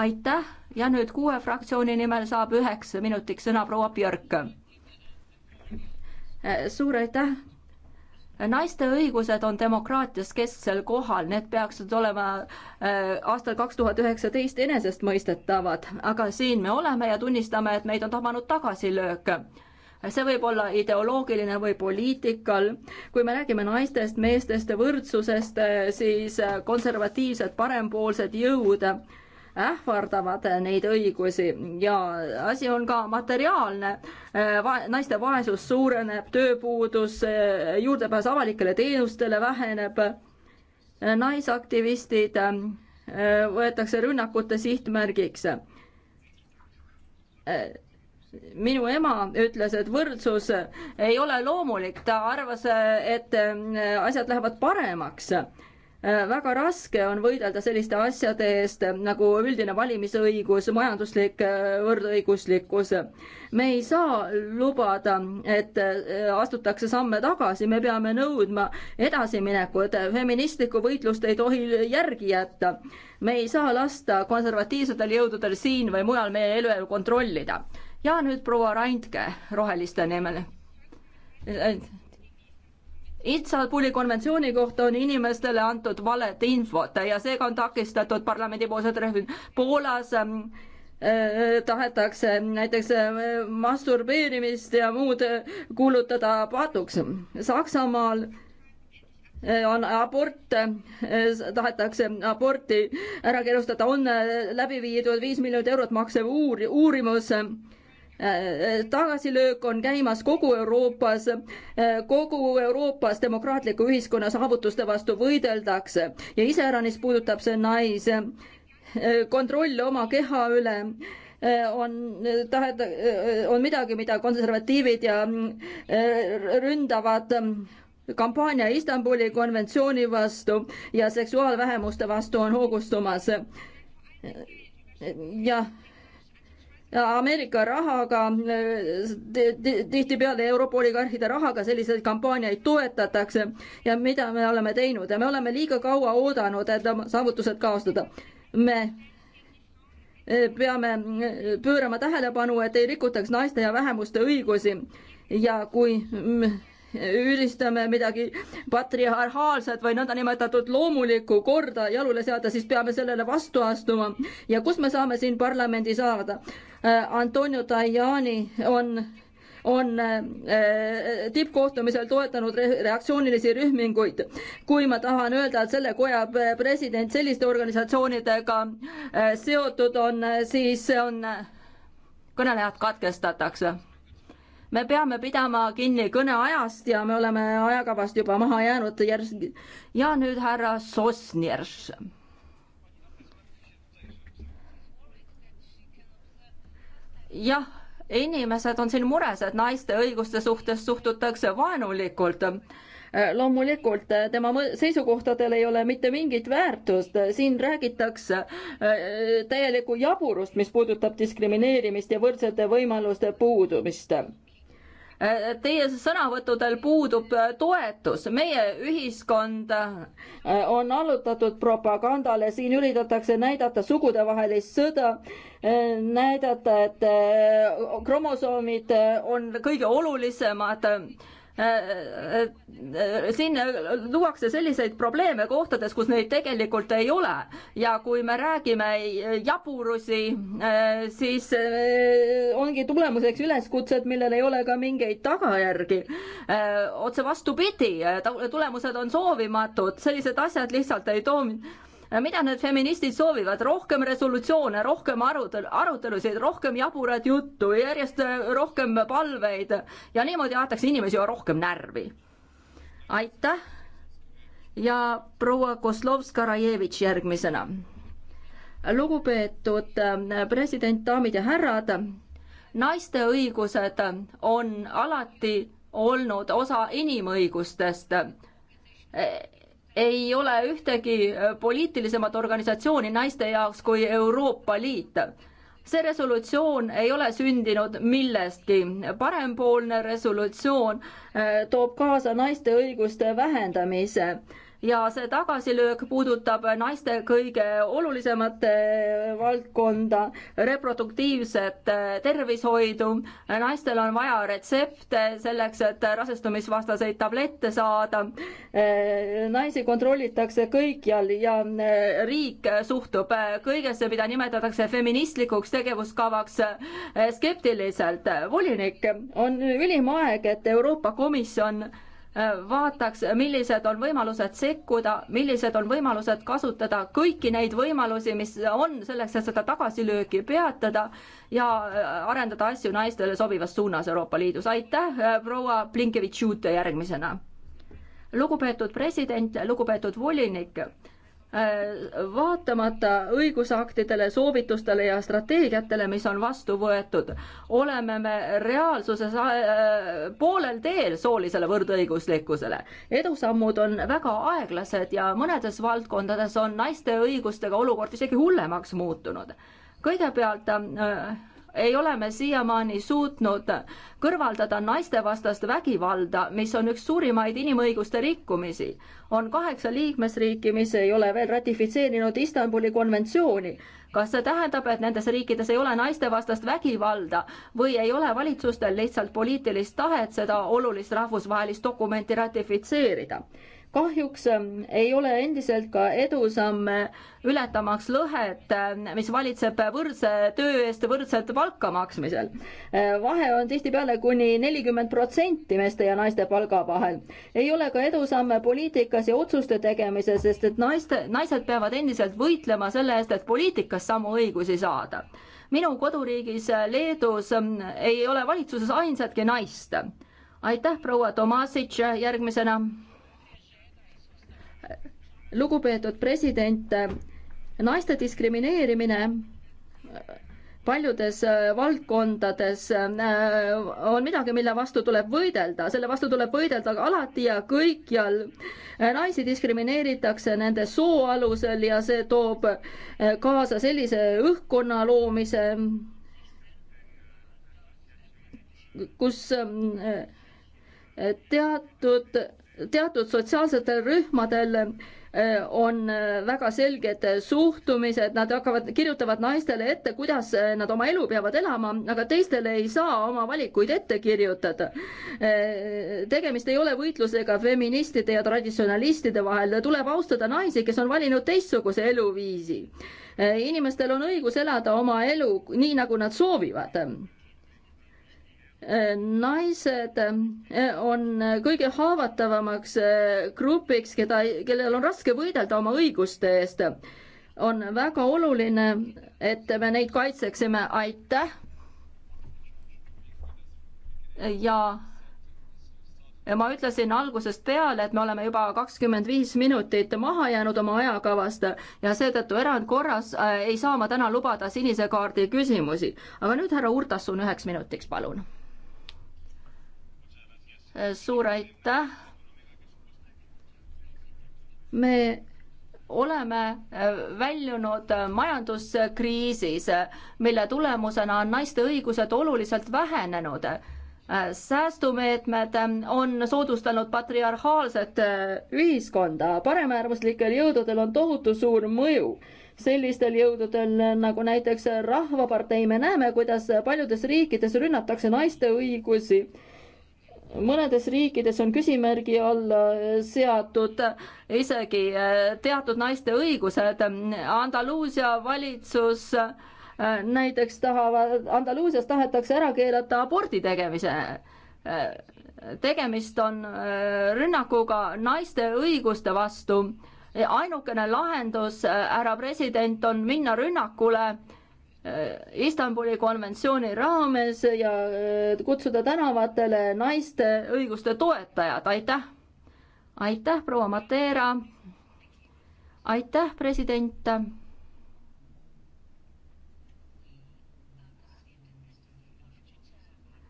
aitäh ja nüüd kuue fraktsiooni nimel saab üheks minutiks sõna proua Björk. Äh, suur aitäh! naiste õigused on demokraatias kesksel kohal, need peaksid olema äh, aastal kaks tuhat üheksateist enesestmõistetavad, aga siin me oleme ja tunnistame, et meid on tabanud tagasilöök see võib olla ideoloogiline või poliitikal. kui me räägime naistest, meestest ja võrdsusest, siis konservatiivsed parempoolsed jõud ähvardavad neid õigusi ja asi on ka materiaalne. naiste vaesus suureneb, tööpuudus, juurdepääs avalikele teenustele väheneb. naisaktivistid äh, võetakse rünnakute sihtmärgiks minu ema ütles, et võrdsus ei ole loomulik, ta arvas, et äh, asjad lähevad paremaks. Äh, väga raske on võidelda selliste asjade eest nagu üldine valimisõigus, majanduslik äh, võrdõiguslikkus. me ei saa lubada, et astutakse samme tagasi, me peame nõudma edasiminekut, feministlikku võitlust ei tohi järgi jätta. me ei saa lasta konservatiivsetel jõududel siin või mujal meie elu kontrollida ja nüüd proua Randke roheliste nimel. Istanbuli konventsiooni kohta on inimestele antud valet infot ja seega on takistatud parlamendipoolsed rühmad Poolas ähm, äh, tahetakse näiteks äh, masturbeerimist ja muud äh, kuulutada patuks. Saksamaal äh, on abort, tahetakse aborti ära keelustada, on läbi viidud viis miljonit eurot maksev uur-, uurimus tagasilöök on käimas kogu Euroopas, kogu Euroopas demokraatliku ühiskonna saavutuste vastu võideldakse ja iseäranis puudutab see naisi. kontroll oma keha üle on tahet, on midagi, mida konservatiivid ja äh, ründavad kampaania Istanbuli konventsiooni vastu ja seksuaalvähemuste vastu on hoogustumas. jah, Ameerika rahaga, tihtipeale Euroopa oligarhide rahaga selliseid kampaaniaid toetatakse ja mida me oleme teinud ja me oleme liiga kaua oodanud, et saavutused kaotada. me e, peame e, pöörama tähelepanu, et ei rikutaks naiste ja vähemuste õigusi ja kui ülistame midagi patriarhaalset või nõndanimetatud loomulikku korda jalule seada, siis peame sellele vastu astuma. ja kus me saame siin parlamendi saada? Äh, Antonio Tajani on on äh, tippkohtumisel toetanud reaktsioonilisi rühminguid. kui ma tahan öelda, et selle koja president selliste organisatsioonidega äh, seotud on, siis see on, kõnelejad katkestatakse me peame pidama kinni kõneajast ja me oleme ajakavast juba maha jäänud järsk-. ja nüüd härra Sosnjärš. jah, inimesed on siin mures, et naiste õiguste suhtes suhtutakse vaenulikult eh, loomulikult eh, tema seisukohtadel ei ole mitte mingit väärtust, siin räägitakse eh, täielikku jaburust, mis puudutab diskrimineerimist ja võrdsete võimaluste puudumist Teie sõnavõttudel puudub äh, toetus, meie ühiskond äh, on allutatud propagandale, siin üritatakse näidata sugudevahelist sõda, äh, näidata, et kromosoomid on kõige olulisemad Äh, äh, siin luuakse selliseid probleeme kohtades, kus neid tegelikult ei ole ja kui me räägime jaburusi, äh, siis ongi tulemuseks üleskutsed, millel ei ole ka mingeid tagajärgi. otse vastupidi, tulemused on soovimatud, sellised asjad lihtsalt ei too mida need feministid soovivad, rohkem resolutsioone, rohkem arutel-, arutelusid, rohkem jaburat juttu, järjest äh, rohkem palveid ja niimoodi aetakse inimesi ju rohkem närvi. aitäh ja proua Kozlovska-Rajevitš järgmisena. lugupeetud äh, president, daamid ja härrad, naiste õigused on alati olnud osa inimõigustest äh, ei ole ühtegi äh, poliitilisemat organisatsiooni naiste jaoks kui Euroopa Liit. see resolutsioon ei ole sündinud millestki, parempoolne resolutsioon äh, toob kaasa naiste õiguste vähendamise ja see tagasilöök puudutab naiste kõige olulisemat eh, valdkonda, reproduktiivset eh, tervishoidu. naistel on vaja retsepte selleks, et rasestumisvastaseid tablette saada. Eh, naisi kontrollitakse kõikjal ja riik suhtub kõigesse, mida nimetatakse feministlikuks tegevuskavaks skeptiliselt. volinik, on ülim aeg, et Euroopa Komisjon vaataks, millised on võimalused sekkuda, millised on võimalused kasutada kõiki neid võimalusi, mis on selleks, et seda tagasilööki peatada ja äh, arendada asju naistele sobivas suunas Euroopa Liidus. aitäh, äh, proua Blinkevitš-Jute järgmisena. lugupeetud president, lugupeetud volinik Äh, vaatamata õigusaktidele, soovitustele ja strateegiatele, mis on vastu võetud, oleme me reaalsuses äh, poolel teel soolisele võrdõiguslikkusele. edusammud on väga aeglased ja mõnedes valdkondades on naiste õigustega olukord isegi hullemaks muutunud. kõigepealt äh, ei ole me siiamaani suutnud kõrvaldada naistevastast vägivalda, mis on üks suurimaid inimõiguste rikkumisi. on kaheksa liikmesriiki, mis ei ole veel ratifitseerinud Istanbuli konventsiooni. kas see tähendab, et nendes riikides ei ole naistevastast vägivalda või ei ole valitsustel lihtsalt poliitilist tahet seda olulist rahvusvahelist dokumenti ratifitseerida? kahjuks ähm, ei ole endiselt ka edusamme ületamaks lõhet, ähm, mis valitseb võrdse töö eest võrdset palka maksmisel. Äh, vahe on tihtipeale kuni nelikümmend protsenti meeste ja naiste palga vahel. ei ole ka edusamme poliitikas ja otsuste tegemises, sest et naiste, naised peavad endiselt võitlema selle eest, et poliitikas samu õigusi saada. minu koduriigis äh, Leedus ähm, ei ole valitsuses ainsatki naist. aitäh, proua Tomasic, äh, järgmisena lugupeetud president, naiste diskrimineerimine paljudes äh, valdkondades äh, on midagi, mille vastu tuleb võidelda, selle vastu tuleb võidelda alati ja kõikjal. Äh, naisi diskrimineeritakse nende soo alusel ja see toob kaasa sellise õhkkonna loomise, kus teatud teatud sotsiaalsetel rühmadel eh, on eh, väga selged suhtumised, nad hakkavad, kirjutavad naistele ette, kuidas eh, nad oma elu peavad elama, aga teistele ei saa oma valikuid ette kirjutada. tegemist ei ole võitlusega feministide ja traditsionalistide vahel, tuleb austada naisi, kes on valinud teistsuguse eluviisi. inimestel on õigus elada oma elu nii, nagu nad soovivad naised eh, on eh, kõige haavatavamaks eh, grupiks, keda, kellel on raske võidelda oma õiguste eest. on väga oluline, et me neid kaitseksime, aitäh. ja ja ma ütlesin algusest peale, et me oleme juba kakskümmend viis minutit maha jäänud oma ajakavast ja seetõttu erandkorras ei saa ma täna lubada sinise kaardi küsimusi. aga nüüd härra Urtas, sul üheks minutiks, palun suur aitäh. me oleme äh, väljunud äh, majanduskriisis, äh, mille tulemusena on naiste õigused oluliselt vähenenud. säästumeetmed on soodustanud patriarhaalset ühiskonda, paremäärmuslikel jõududel on tohutu suur mõju sellistel jõududel nagu näiteks Rahvapartei, me näeme, kuidas paljudes riikides rünnatakse naiste õigusi mõnedes riikides on küsimärgi alla seatud isegi eh, teatud naiste õigused. Andaluusia valitsus eh, näiteks tahavad, Andaluusias tahetakse ära keelata abordi tegemise. Eh, tegemist on rünnakuga naiste õiguste vastu. ainukene lahendus, härra president, on minna rünnakule Äh, Istanbuli konventsiooni raames ja äh, kutsuda tänavatele naiste õiguste toetajad, aitäh! aitäh, proua Matera! aitäh, president!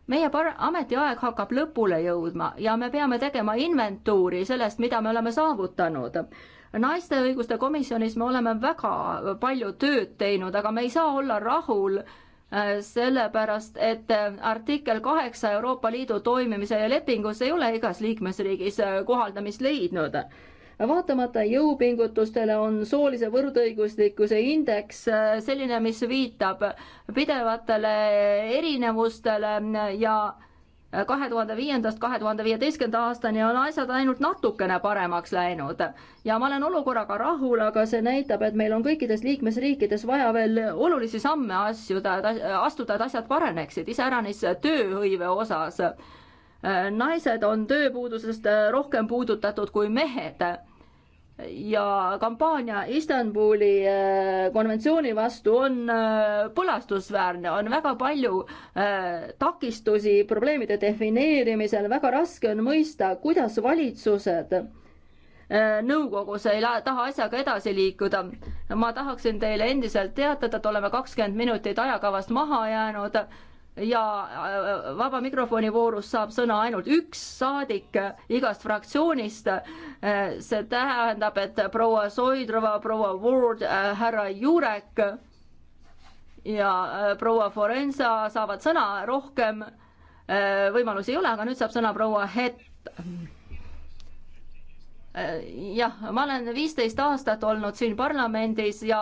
meie par-, ametiaeg hakkab lõpule jõudma ja me peame tegema inventuuri sellest, mida me oleme saavutanud naiste õiguste komisjonis me oleme väga palju tööd teinud, aga me ei saa olla rahul äh, sellepärast, et äh, artikkel kaheksa Euroopa Liidu toimimise lepingus ei ole igas liikmesriigis äh, kohaldamist leidnud. vaatamata jõupingutustele on soolise võrdõiguslikkuse indeks selline, mis viitab pidevatele erinevustele ja kahe tuhande viiendast kahe tuhande viieteistkümnenda aastani on asjad ainult natukene paremaks läinud ja ma olen olukorraga rahul, aga see näitab, et meil on kõikides liikmesriikides vaja veel olulisi samme asjuda, astuda, et asjad paraneksid, iseäranis tööhõive osas. naised on tööpuudusest rohkem puudutatud kui mehed ja kampaania Istanbuli äh, konventsiooni vastu on äh, põlastusväärne, on väga palju äh, takistusi probleemide defineerimisel, väga raske on mõista, kuidas valitsused nõukogus ei taha asjaga edasi liikuda. ma tahaksin teile endiselt teatada, et oleme kakskümmend minutit ajakavast maha jäänud ja äh, vaba mikrofoni voorus saab sõna ainult üks saadik igast fraktsioonist. Äh, see tähendab, et proua Soidrova, proua Ward, äh, härra Jurek ja proua Forenza saavad sõna, rohkem võimalusi ei ole, aga nüüd saab sõna proua Hett. Äh, jah, ma olen viisteist aastat olnud siin parlamendis ja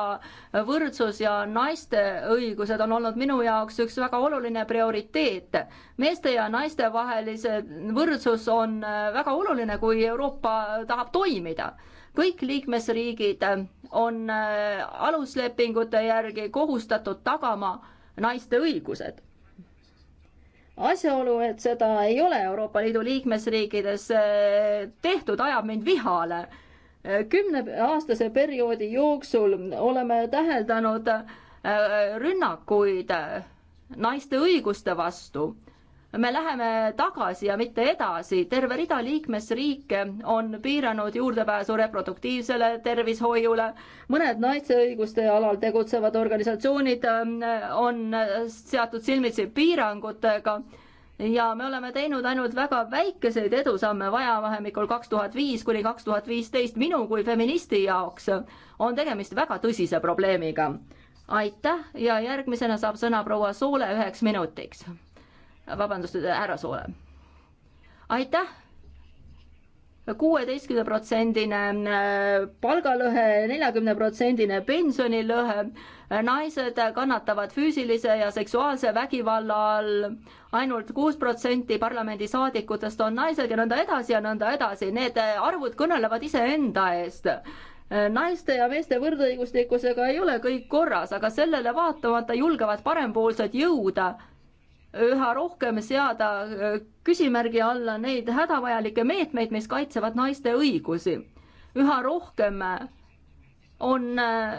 võrdsus ja naiste õigused on olnud minu jaoks üks väga oluline prioriteet. meeste ja naiste vahelise võrdsus on äh, väga oluline, kui Euroopa tahab toimida. kõik liikmesriigid äh, on aluslepingute järgi kohustatud tagama naiste õigused asjaolu, et seda ei ole Euroopa Liidu liikmesriikides eh, tehtud, ajab mind vihale. Eh, kümneaastase perioodi jooksul oleme täheldanud eh, rünnakuid naiste õiguste vastu me läheme tagasi ja mitte edasi, terve rida liikmesriike on piiranud juurdepääsu reproduktiivsele tervishoiule, mõned naisõiguste alal tegutsevad organisatsioonid äh, on seatud silmitsi piirangutega ja me oleme teinud ainult väga väikeseid edusamme vajavahemikul kaks tuhat viis kuni kaks tuhat viisteist, minu kui feministi jaoks on tegemist väga tõsise probleemiga. aitäh ja järgmisena saab sõna proua Soole üheks minutiks vabandust, härra Soole. aitäh! kuueteistkümne protsendine äh, palgalõhe, neljakümne protsendine pensionilõhe, naised kannatavad füüsilise ja seksuaalse vägivalla all, ainult kuus protsenti parlamendisaadikutest on naised ja nõnda edasi ja nõnda edasi, need äh, arvud kõnelevad iseenda eest äh, naiste ja meeste võrdõiguslikkusega ei ole kõik korras, aga sellele vaatamata julgevad parempoolsed jõuda üha rohkem seada äh, küsimärgi alla neid hädavajalikke meetmeid, mis kaitsevad naiste õigusi. üha rohkem äh, on äh,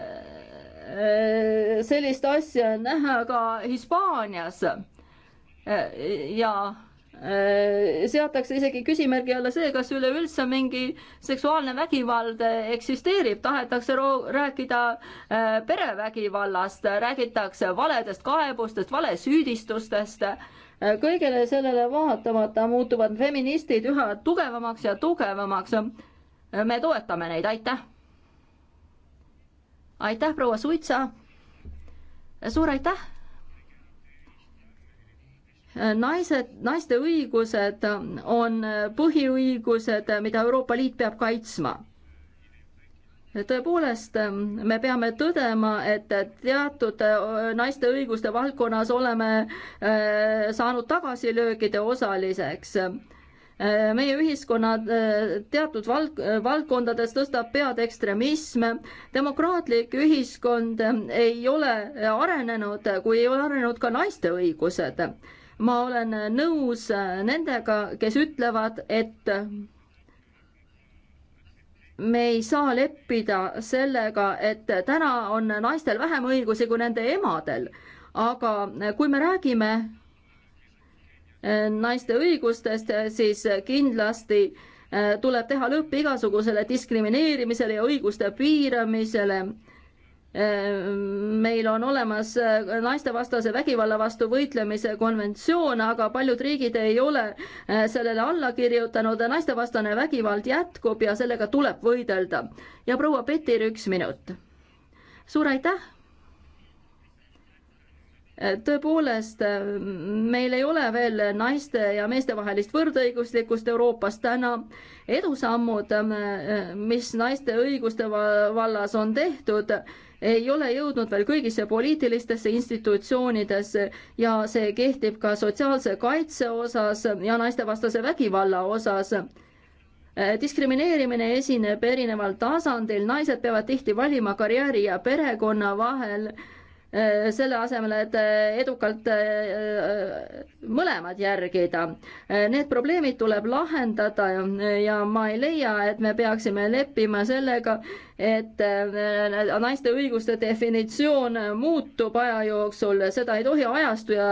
sellist asja näha ka Hispaanias ja Äh, seatakse isegi küsimärgi alla see, kas üleüldse mingi seksuaalne vägivald äh, eksisteerib, tahetakse rääkida äh, perevägivallast, räägitakse valedest kaebustest, valesüüdistustest. kõigele sellele vaatamata muutuvad feministid üha tugevamaks ja tugevamaks. me toetame neid, aitäh. aitäh, proua Suitsa. suur aitäh naised, naiste õigused on põhiõigused, mida Euroopa Liit peab kaitsma. tõepoolest, me peame tõdema, et teatud äh, naiste õiguste valdkonnas oleme äh, saanud tagasilöögide osaliseks äh, meie ühiskonna teatud vald, valdkondades tõstab pead ekstremism. demokraatlik ühiskond ei ole arenenud, kui ei ole arenenud ka naiste õigused ma olen nõus nendega, kes ütlevad, et me ei saa leppida sellega, et täna on naistel vähem õigusi kui nende emadel. aga kui me räägime naiste õigustest, siis kindlasti eh, tuleb teha lõpp igasugusele diskrimineerimisele ja õiguste piiramisele Ehm, meil on olemas äh, naistevastase vägivalla vastu võitlemise konventsioon, aga paljud riigid ei ole äh, sellele alla kirjutanud. naistevastane vägivald jätkub ja sellega tuleb võidelda. ja proua Petir, üks minut. suur aitäh äh, tõepoolest, meil ei ole veel naiste ja meeste vahelist võrdõiguslikkust Euroopas täna. edusammud, mis naiste õiguste vallas on tehtud, ei ole jõudnud veel kõigisse poliitilistesse institutsioonidesse ja see kehtib ka sotsiaalse kaitse osas ja naistevastase vägivalla osas eh, diskrimineerimine esineb erineval tasandil, naised peavad tihti valima karjääri ja perekonna vahel Äh, selle asemel, et äh, edukalt äh, mõlemad järgida. Need probleemid tuleb lahendada ja ma ei leia, et me peaksime leppima sellega, et naiste õiguste definitsioon muutub aja jooksul, seda ei tohi ajastu ja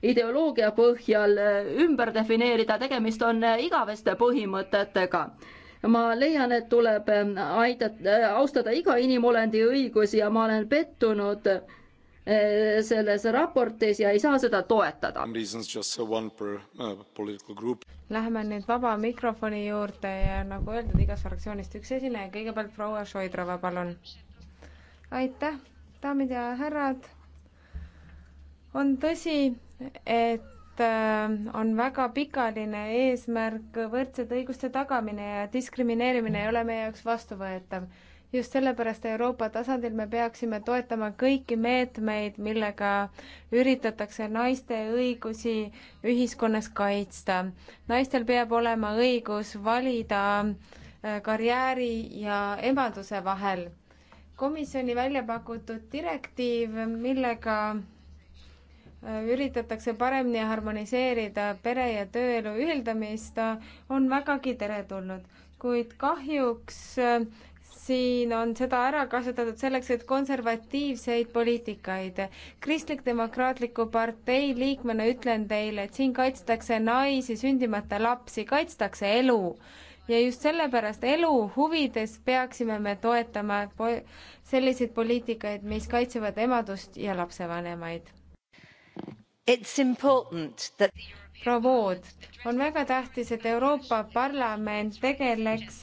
ideoloogia põhjal ümber defineerida, tegemist on igaveste põhimõtetega ma leian, et tuleb aidata, austada iga inimolendi õigusi ja ma olen pettunud äh, Äh, selles raportis ja ei saa seda toetada. Uh, Läheme nüüd vaba mikrofoni juurde ja nagu öeldud, igast fraktsioonist üks esineja, kõigepealt proua Šoidrova, palun. aitäh, daamid ja härrad. on tõsi, et äh, on väga pikaline eesmärk võrdsete õiguste tagamine ja diskrimineerimine ei ole meie jaoks vastuvõetav just sellepärast Euroopa tasandil me peaksime toetama kõiki meetmeid, millega üritatakse naiste õigusi ühiskonnas kaitsta. naistel peab olema õigus valida äh, karjääri ja emaduse vahel. komisjoni välja pakutud direktiiv, millega äh, üritatakse paremini harmoniseerida pere ja tööelu ühildamist, on vägagi teretulnud, kuid kahjuks äh, siin on seda ära kasutatud selleks, et konservatiivseid poliitikaid. kristlik-demokraatliku partei liikmena ütlen teile, et siin kaitstakse naisi, sündimata lapsi, kaitstakse elu. ja just sellepärast elu huvides peaksime me toetama po selliseid poliitikaid, mis kaitsevad emadust ja lapsevanemaid. It's important that the proua Vood, on väga tähtis, et Euroopa Parlament tegeleks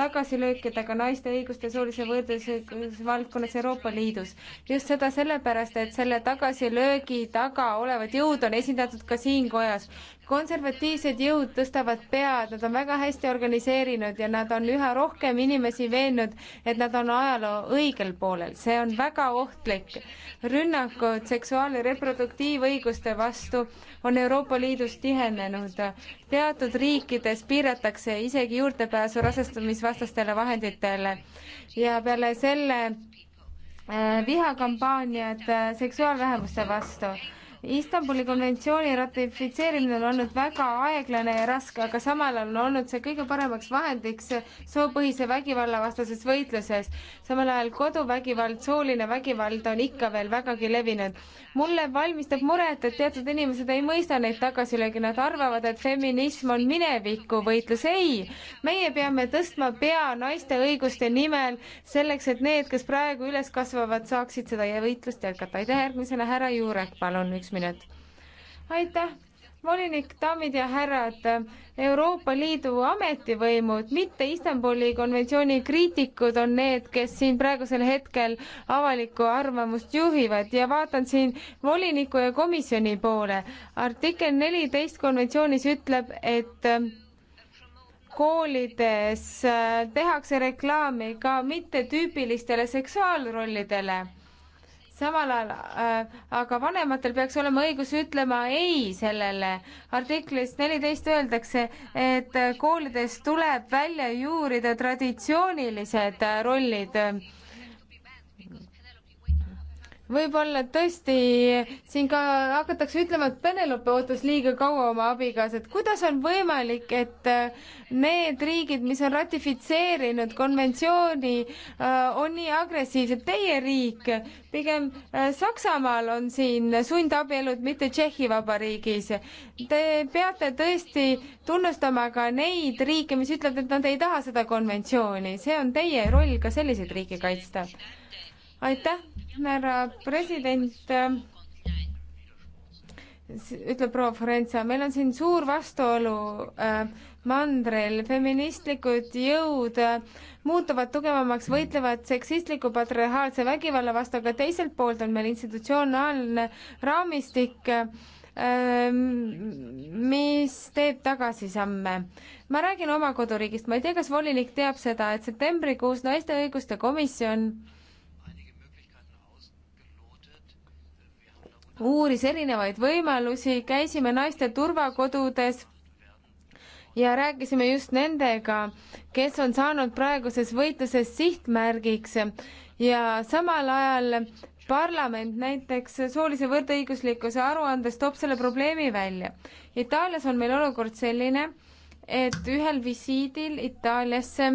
tagasilöökidega naiste õiguste soolise võrdluse valdkonnas Euroopa Liidus. just seda sellepärast, et selle tagasilöögi taga olevad jõud on esindatud ka siin kojas konservatiivsed jõud tõstavad pead, nad on väga hästi organiseerinud ja nad on üha rohkem inimesi veennud, et nad on ajaloo õigel poolel, see on väga ohtlik. rünnakud seksuaal- ja reproduktiivõiguste vastu on Euroopa Liidus tihenenud. teatud riikides piiratakse isegi juurdepääsu rasestumisvastastele vahenditele ja peale selle eh, vihakampaaniad eh, seksuaalvähemuste vastu Istanbuli konventsiooni ratifitseerimine on olnud väga aeglane ja raske, aga samal ajal on olnud see kõige paremaks vahendiks soopõhise vägivalla vastases võitluses. samal ajal koduvägivald, sooline vägivald on ikka veel vägagi levinud. mulle valmistab muret, et teatud inimesed ei mõista neid tagasilöögi, nad arvavad, et feminism on minevikuvõitlus. ei, meie peame tõstma pea naiste õiguste nimel selleks, et need, kes praegu üles kasvavad, saaksid seda võitlust jätkata. aitäh, järgmisena härra Juurek, palun üks minut minut. aitäh, volinik, daamid ja härrad, Euroopa Liidu ametivõimud, mitte Istanbuli konventsiooni kriitikud on need, kes siin praegusel hetkel avalikku arvamust juhivad ja vaatan siin voliniku ja komisjoni poole. artikkel neliteist konventsioonis ütleb, et koolides tehakse reklaami ka mittetüüpilistele seksuaalrollidele samal ajal äh, aga vanematel peaks olema õigus ütlema ei sellele. artiklis neliteist öeldakse, et koolides tuleb välja juurida traditsioonilised rollid äh, võib-olla tõesti siin ka hakatakse ütlema, et Penelope ootas liiga kaua oma abikaasat. kuidas on võimalik, et äh, need riigid, mis on ratifitseerinud konventsiooni, äh, on nii agressiivsed? Teie riik, pigem äh, Saksamaal on siin sundabielud, mitte Tšehhi Vabariigis. Te peate tõesti tunnustama ka neid riike, mis ütlevad, et nad ei taha seda konventsiooni. see on teie roll ka selliseid riike kaitsta. aitäh härra president, ütleb proua Forenza, meil on siin suur vastuolu äh, mandril, feministlikud jõud äh, muutuvad tugevamaks, võitlevad seksistliku patriarhaalse vägivalla vastu, aga teiselt poolt on meil institutsionaalne raamistik äh,, mis teeb tagasisamme. ma räägin oma koduriigist, ma ei tea, kas volinik teab seda, et septembrikuus naiste õiguste komisjon äh, uuris erinevaid võimalusi, käisime naiste turvakodudes ja rääkisime just nendega, kes on saanud praeguses võitluses sihtmärgiks ja samal ajal parlament näiteks soolise võrdõiguslikkuse aruandes toob selle probleemi välja. Itaalias on meil olukord selline, et ühel visiidil Itaaliasse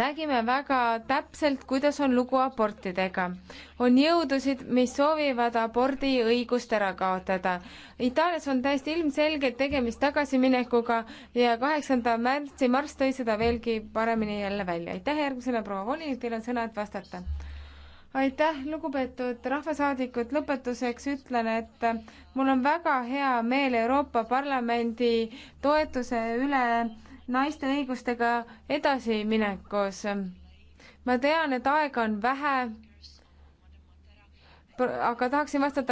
nägime väga täpselt, kuidas on lugu abortidega. on jõudusid, mis soovivad abordi õigust ära kaotada. Itaalias on täiesti ilmselgelt tegemist tagasiminekuga ja kaheksanda märtsi marss tõi seda veelgi paremini jälle välja. aitäh järgmisele, proua volinik, teil on sõna, et vastata aitäh, lugupeetud rahvasaadikud, lõpetuseks ütlen, et mul on väga hea meel Euroopa Parlamendi toetuse üle naiste õigustega edasiminekus. ma tean, et aega on vähe, aga tahaksin vastata